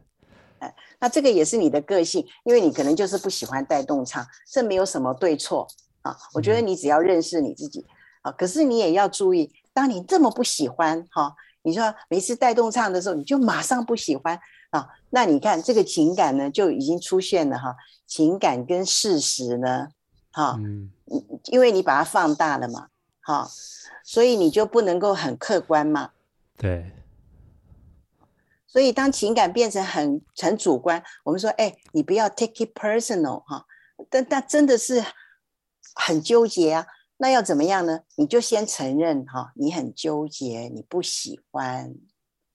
[SPEAKER 1] 啊，那這個也是你的個性，因為你可能就是不喜歡帶動唱，這沒有什麼對錯啊，我覺得你只要認識你自己、嗯、啊，可是你也要注意，當你這麼不喜歡哈。啊你說每次帶動唱的時候，你就馬上不喜歡啊？那你看這個情感呢，就已經出現了哈。情感跟事實呢，哈，因為你把它放大了嘛，哈，所以你就不能夠很客觀嘛。對。所以當情感變成很很主觀，我們說，哎，你不要 take it personal 哈。但但真的是很糾結啊。那要怎麼樣呢？你就先承認哈、哦，你很糾結，你不喜歡，啊、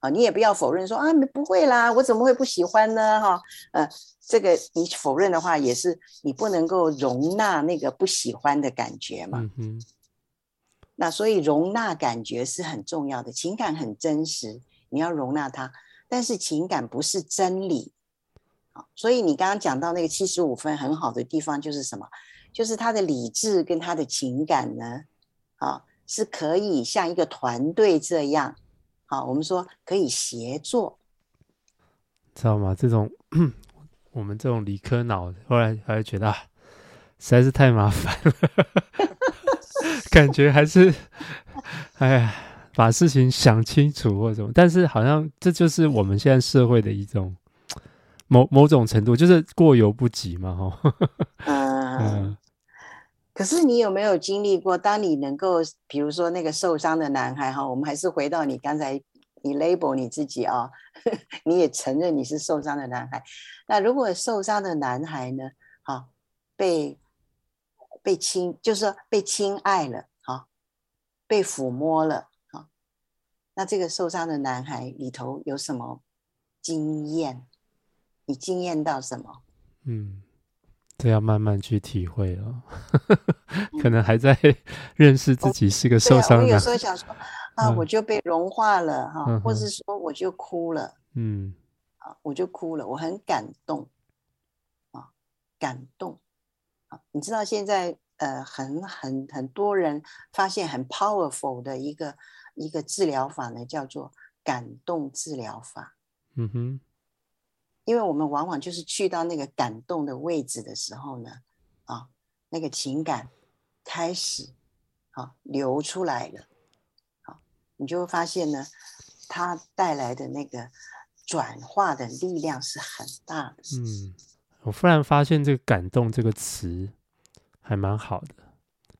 [SPEAKER 1] 哦，你也不要否認說啊，不會啦，我怎麼會不喜歡呢？哈、哦，呃，這個你否認的話，也是你不能夠容納那個不喜歡的感覺嘛。嗯，嗯。那所以容納感覺是很重要的，情感很真實，你要容納它。但是情感不是真理，所以你剛剛講到那個七十五分很好的地方就是什麼？就是他的理智跟他的情感呢，啊、哦，是可以像一個團隊這樣，好、哦，我們說可以協作，
[SPEAKER 2] 知道嗎？這種我們這種理科腦，後來還是覺得，啊，實在是太麻煩了，呵呵 [laughs] 感覺還是哎呀，把事情想清楚或什麼，但是好像這就是我們現在社會的一種某某種程度，就是過猶不及嘛，哈，嗯。嗯
[SPEAKER 1] 可是你有沒有經歷過？當你能夠，比如說那個受傷的男孩哈、哦，我們還是回到你剛才，你 label 你自己啊、哦，你也承認你是受傷的男孩。那如果受傷的男孩呢？哈、哦，被被親，就是說被親愛了，哈、哦，被撫摸了，哈、哦，那這個受傷的男孩裡頭有什麼經驗？你經驗到什麼？嗯。
[SPEAKER 2] 這要慢慢去體會了， [laughs] 可能還在認識自己是個受傷的人，嗯啊。我有時候想說啊，嗯、我
[SPEAKER 1] 就被融化了哈、啊，或是說我就哭
[SPEAKER 2] 了，
[SPEAKER 1] 嗯、啊，我就哭了，我很感動啊，感動、啊、你知道現在呃，很很很多人發現很 powerful 的一個一個治療法呢，叫做感動治療法。嗯哼。因為我們往往就是去到那個感動的位置的時候呢，啊，那個情感開始啊流出來了，啊，你就會發現呢，它帶來的那個轉化的力量是很大的。
[SPEAKER 2] 嗯，我忽然發現這個“感動”這個詞還蠻好的，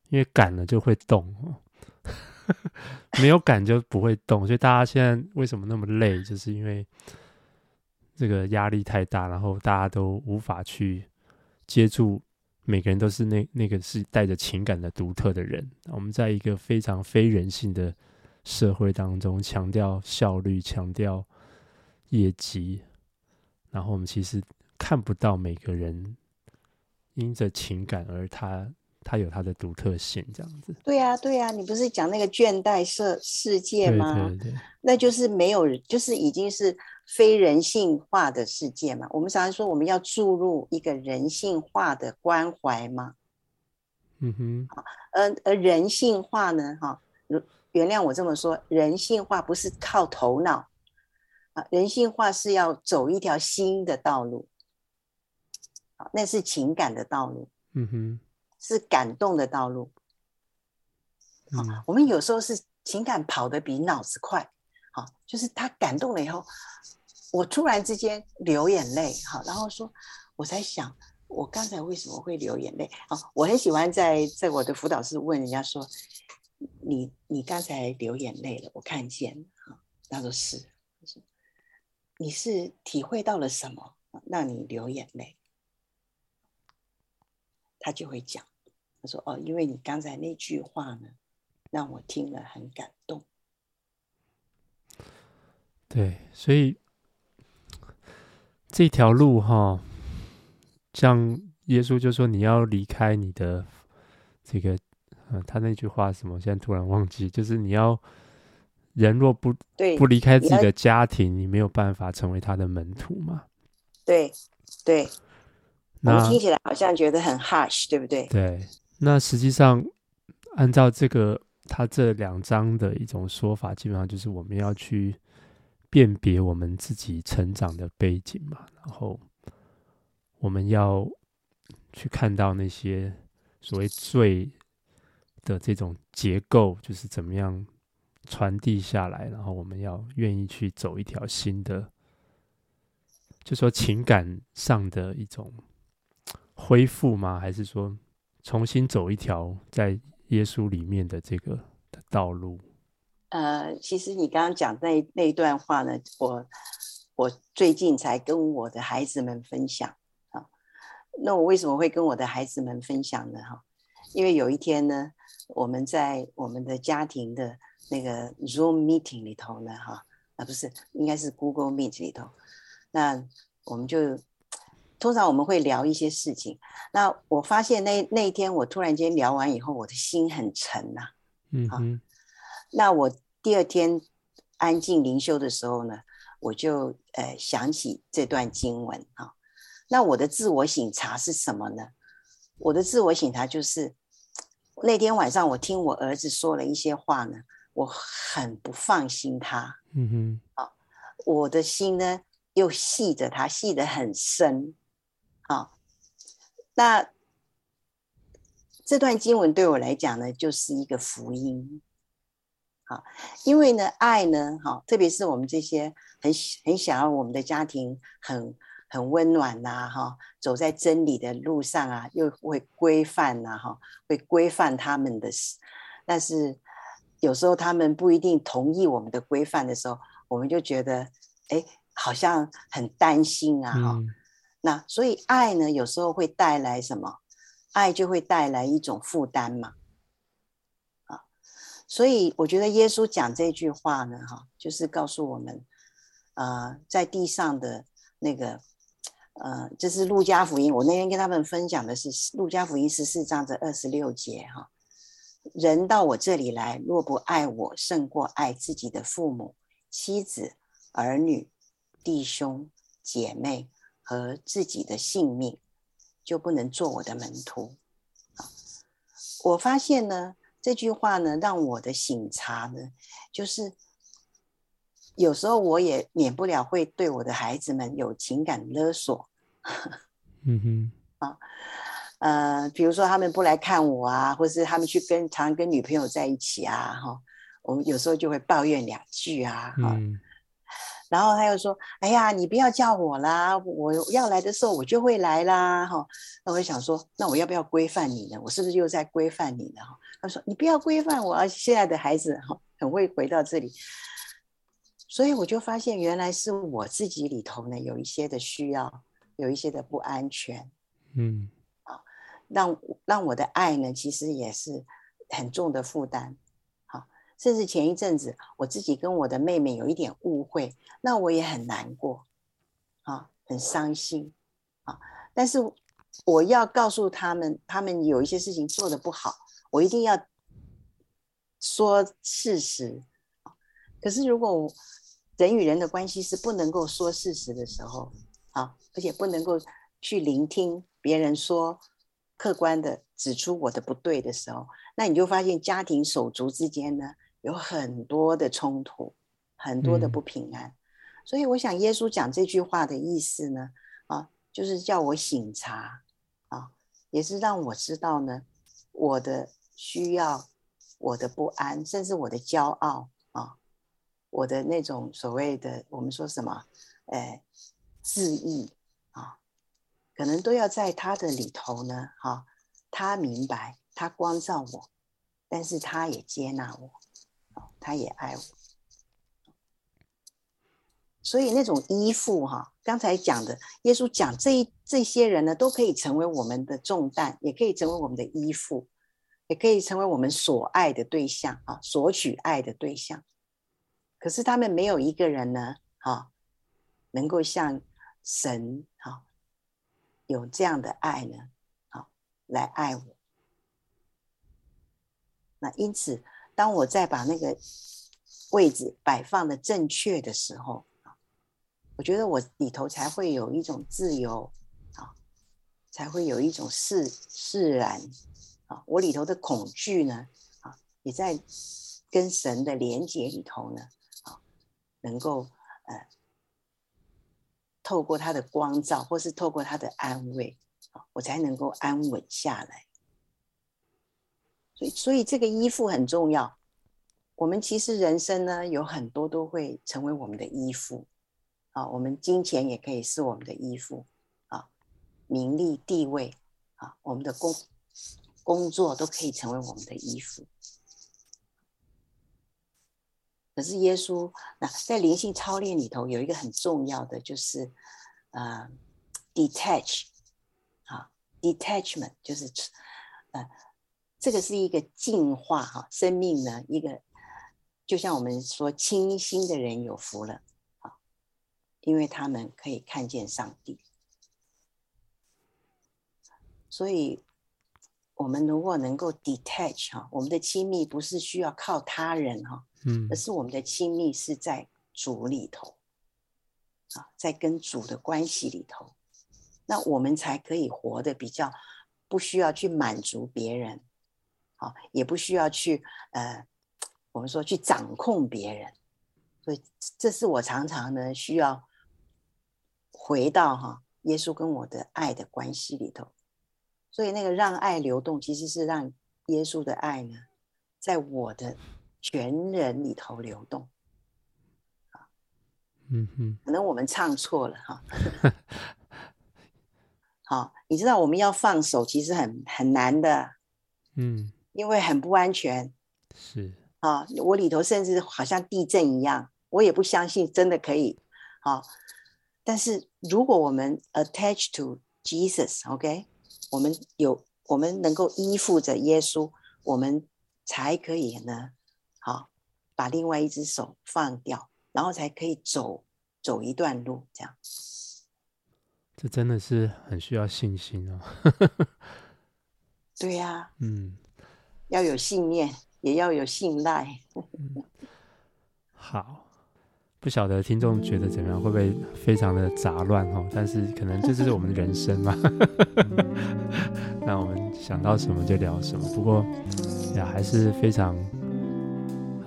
[SPEAKER 2] 因為感了就會動哦， [laughs] 沒有感就不會動。所以大家現在為什麼那麼累， [laughs] 就是因為。這個壓力太大，然後大家都無法去接觸。每個人都是那那個是帶着情感的獨特的人。我們在一個非常非人性的社會當中，強調效率，強調業績，然後我們其實看不到每個人因着情感而他。它有它的獨特性，這樣子。
[SPEAKER 1] 對呀、啊，對呀、啊，你不是講那個倦怠世世界嗎？對對
[SPEAKER 2] 對，
[SPEAKER 1] 那就是沒有，就是已經是非人性化的世界嘛。我們常常說我們要注入一個人性化的關懷嘛。嗯哼。嗯，而人性化呢，哈，原諒我這麼說，人性化不是靠頭腦，人性化是要走一條新的道路，那是情感的道路。嗯哼。是感動的道路，嗯，
[SPEAKER 3] 啊，
[SPEAKER 1] 我們有時候是情感跑得比腦子快，好，啊，就是他感動了以後，我突然之間流眼淚，好，啊，然後說，我在想，我剛才為什麼會流眼淚？好，啊，我很喜歡在在我的輔導室問人家說，你你剛才流眼淚了，我看見了，好，啊，他說是，就是，你是體會到了什麼讓，啊，你流眼淚？他就會講，他說：“哦，因為你剛才那句話呢，讓我聽了很感動。”
[SPEAKER 2] 對，所以這條路哈、哦，像耶穌就說：“你要離開你的這個、嗯……他那句話什麼？我現在突然忘記，就是你要人若不對不離開自己的家庭，你,要你沒有辦法成為他的門徒嘛？”
[SPEAKER 1] 對，對。那我們聽起來好像覺得很 harsh，對不對？對，
[SPEAKER 2] 那實際上按照這個他這兩章的一種說法，基本上就是我們要去辨別我們自己成長的背景嘛，然後我們要去看到那些所謂罪的這種結構，就是怎麼樣傳遞下來，然後我們要願意去走一條新的，就說情感上的一種。恢復嗎？還是說重新走一條在耶穌裡面的這個的道路？
[SPEAKER 3] 呃，
[SPEAKER 1] 其實你剛剛講的那那一段話呢，我我最近才跟我的孩子們分享啊。那我為什麼會跟我的孩子們分享呢？哈，因為有一天呢，我們在我們的家庭的那個 Zoom meeting 裡頭呢，哈，啊，啊不是，應該是 Google Meet 裡頭，那我們就。通常我們會聊一些事情，那我發現那那一天我突然間聊完以後，我的心很沉吶、啊，嗯哼啊，那我第二天安靜靈修的時候呢，我就呃想起這段經文啊，那我的自我省察是什麼呢？我的自我省察就是那天晚上我聽我兒子說了一些話呢，我很不放心他，嗯哼啊，我的心呢又繫着他，繫得很深。好、哦，那這段經文對我來講呢，就是一個福音。好、哦，因為呢，愛呢，哈、哦，特別是我們這些很很想要我們的家庭很很溫暖吶、啊，哈、哦，走在真理的路上啊，又會規範吶、啊，哈、哦，會規範他們的事。但是有時候他們不一定同意我們的規範的時候，我們就覺得，誒，好像很擔心啊，哈、嗯。那所以愛呢，有時候會帶來什麼？愛就會帶來一種負擔嘛，啊，所以我覺得耶穌講這句話呢，哈，就是告訴我們，呃，在地上的那個，呃，這是路加福音。我那天跟他們分享的是路加福音十四章的二十六節，哈，人到我這裡來，若不愛我，勝過愛自己的父母、妻子、兒女、弟兄、姐妹。和自己的性命，就不能做我的門徒。我發現呢，這句話呢，讓我的省察呢，就是有時候我也免不了會對我的孩子們有情感勒索。嗯 [laughs] 哼、
[SPEAKER 3] mm
[SPEAKER 1] hmm. 啊，呃，比如說他們不來看我啊，或是他們去跟常，常跟女朋友在一起啊，哦、我們有時候就會抱怨兩句啊，哈、mm。Hmm. 然後他又說：“哎呀，你不要叫我啦！我要來的時候我就會來啦。”哦哈，那我就想說，那我要不要規範你呢？我是不是又在規範你呢？哈，他說：“你不要規範我啊。”現在的孩子哈，很會回到這裡，所以我就發現，原來是我自己裡頭呢，有一些的需要，有一些的不安全。嗯，啊，讓讓我的愛呢，其實也是很重的負擔。甚至前一陣子，我自己跟我的妹妹有一點誤會，那我也很難過，啊，很傷心，啊，但是我要告訴他們，他們有一些事情做得不好，我一定要說事實，啊。可是如果人與人的關係是不能夠說事實的時候，啊，而且不能夠去聆聽別人說客觀的指出我的不對的時候，那你就發現家庭手足之間呢，有很多的衝突，很多的不平安，嗯、所以我想耶穌講這句話的意思呢，啊，就是叫我省察，啊，也是讓我知道呢，我的需要，我的不安，甚至我的驕傲啊，我的那種所謂的我們說什麼，呃，自義啊，可能都要在他的裡頭呢，哈、啊，他明白，他光照我，但是他也接納我。他也愛我，所以那種依附哈、啊，剛才講的，耶穌講這這些人呢，都可以成為我們的重擔，也可以成為我們的依附，也可以成為我們所愛的對象啊，索取愛的對象。可是他們沒有一個人呢，哈、啊，能夠像神哈、啊、有這樣的愛呢，好、啊、來愛我。那因此。當我再把那個位置擺放的正確的時候啊，我覺得我裡頭才會有一種自由啊，才會有一種釋釋然啊，我裡頭的恐懼呢啊，也在跟神的連接裡頭呢啊，能夠呃透過他的光照或是透過他的安慰啊，我才能夠安穩下來。所以，所以這個依附很重要。我們其實人生呢，有很多都會成為我們的依附啊。我們金錢也可以是我們的依附啊，名利地位啊，我們的工工作都可以成為我們的依附。可是耶穌那在靈性操練裡頭有一個很重要的，就是呃，detach 啊，detachment 啊，Det 就是啊這個是一個淨化哈，生命呢一個，就像我們說，清心的人有福了啊，因為他們可以看見上帝。所以，我們如果能夠 detach 哈，我們的親密不是需要靠他人哈，嗯，而是我們的親密是在主裡頭，啊，在跟主的關係裡頭，那我們才可以活得比較不需要去滿足別人。也不需要去呃，我們說去掌控別人，所以這是我常常呢需要回到哈耶穌跟我的愛的關係裡頭，所以那個讓愛流動，其實是讓耶穌的愛呢在我的全人裡頭流動。
[SPEAKER 3] 嗯、
[SPEAKER 1] 哼可能我們唱錯了哈。 [laughs] 好，你知道我們要放手其實很很難的，嗯。因為很不安全，是啊，我裡頭甚至好像地震一樣，我也不相信真的可以，好、啊。但是如果我們 attach to Jesus，OK，okay？我們有，我們能夠依附着耶穌，我們才可以呢，好、啊，把另外一只手放掉，然後才可以走走一段路，這樣。
[SPEAKER 2] 這真的是很需要信心哦。
[SPEAKER 1] [laughs] 對呀、啊，嗯。要有信念，也要有信賴 [laughs] 、
[SPEAKER 2] 嗯。好，不曉得聽眾覺得怎麼樣，會不會非常的雜亂哦？但是可能這就是我們的人生嘛。 [laughs] [laughs] 那我們想到什麼就聊什麼，不過也、嗯、還是非常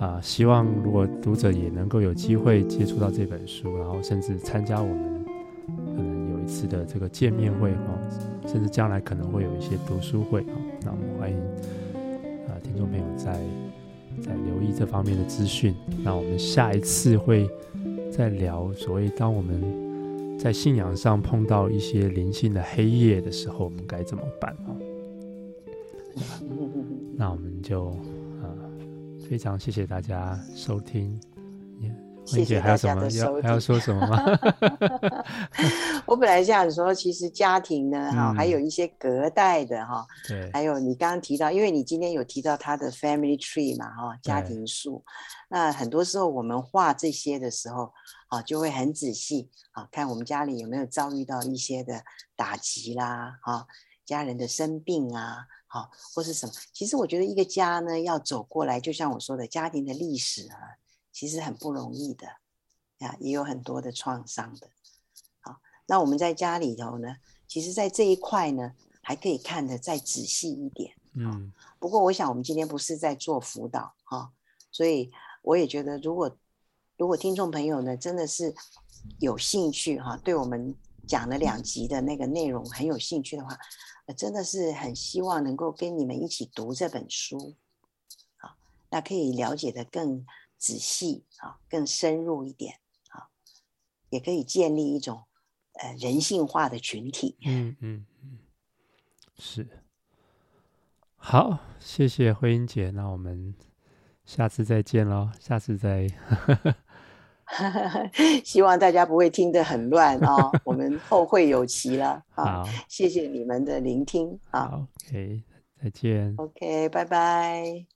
[SPEAKER 2] 啊、呃。希望如果讀者也能夠有機會接觸到這本書，然後甚至參加我們可能有一次的這個見面會哈、哦，甚至將來可能會有一些讀書會、哦、那我們歡迎。聽眾朋友在在留意這方面的資訊，那我們下一次會再聊所謂當我們在信仰上碰到一些靈性的黑夜的時候，我們該怎麼辦？那我們就啊、呃，非常謝謝大家收聽。謝謝大家的收聽。還要，還要說
[SPEAKER 1] 什麼嗎？ [laughs] [laughs] 我本來想說，其實家庭呢，哈、哦，嗯、還有一些隔代的哈，哦、對還有你剛剛提到，因為你今天有提到他的 family tree 嘛，哈、哦，家庭樹。對那很多時候我們畫這些的時候，啊、哦，就會很仔細，啊、哦，看我們家裡有沒有遭遇到一些的打擊啦，哈、哦，家人的生病啊、哦，或是什麼。其實我覺得一個家呢，要走過來，就像我說的，家庭的歷史啊。其實很不容易的，也有很多的創傷的，好，那我們在家裡頭呢，其實，在這一塊呢，還可以看得再仔細一點，嗯，不過我想我們今天不是在做輔導哈，所以我也覺得，如果如果聽眾朋友呢，真的是有興趣哈，對我們講了兩集的那個內容很有興趣的話，真的是很希望能夠跟你們一起讀這本書，好，那可以了解得更。仔細、哦、更深入一點、哦、也可以建立一種、呃、人性化的群體。嗯嗯
[SPEAKER 2] 是。好，謝謝惠英姐，那我們下次再見嘍，下次再，
[SPEAKER 1] [laughs] [laughs] 希望大家不會聽得很亂、哦、 [laughs] 我們後會有期了好、啊，謝謝你們的聆聽
[SPEAKER 2] 好，OK，、啊、再見。
[SPEAKER 1] OK，拜拜。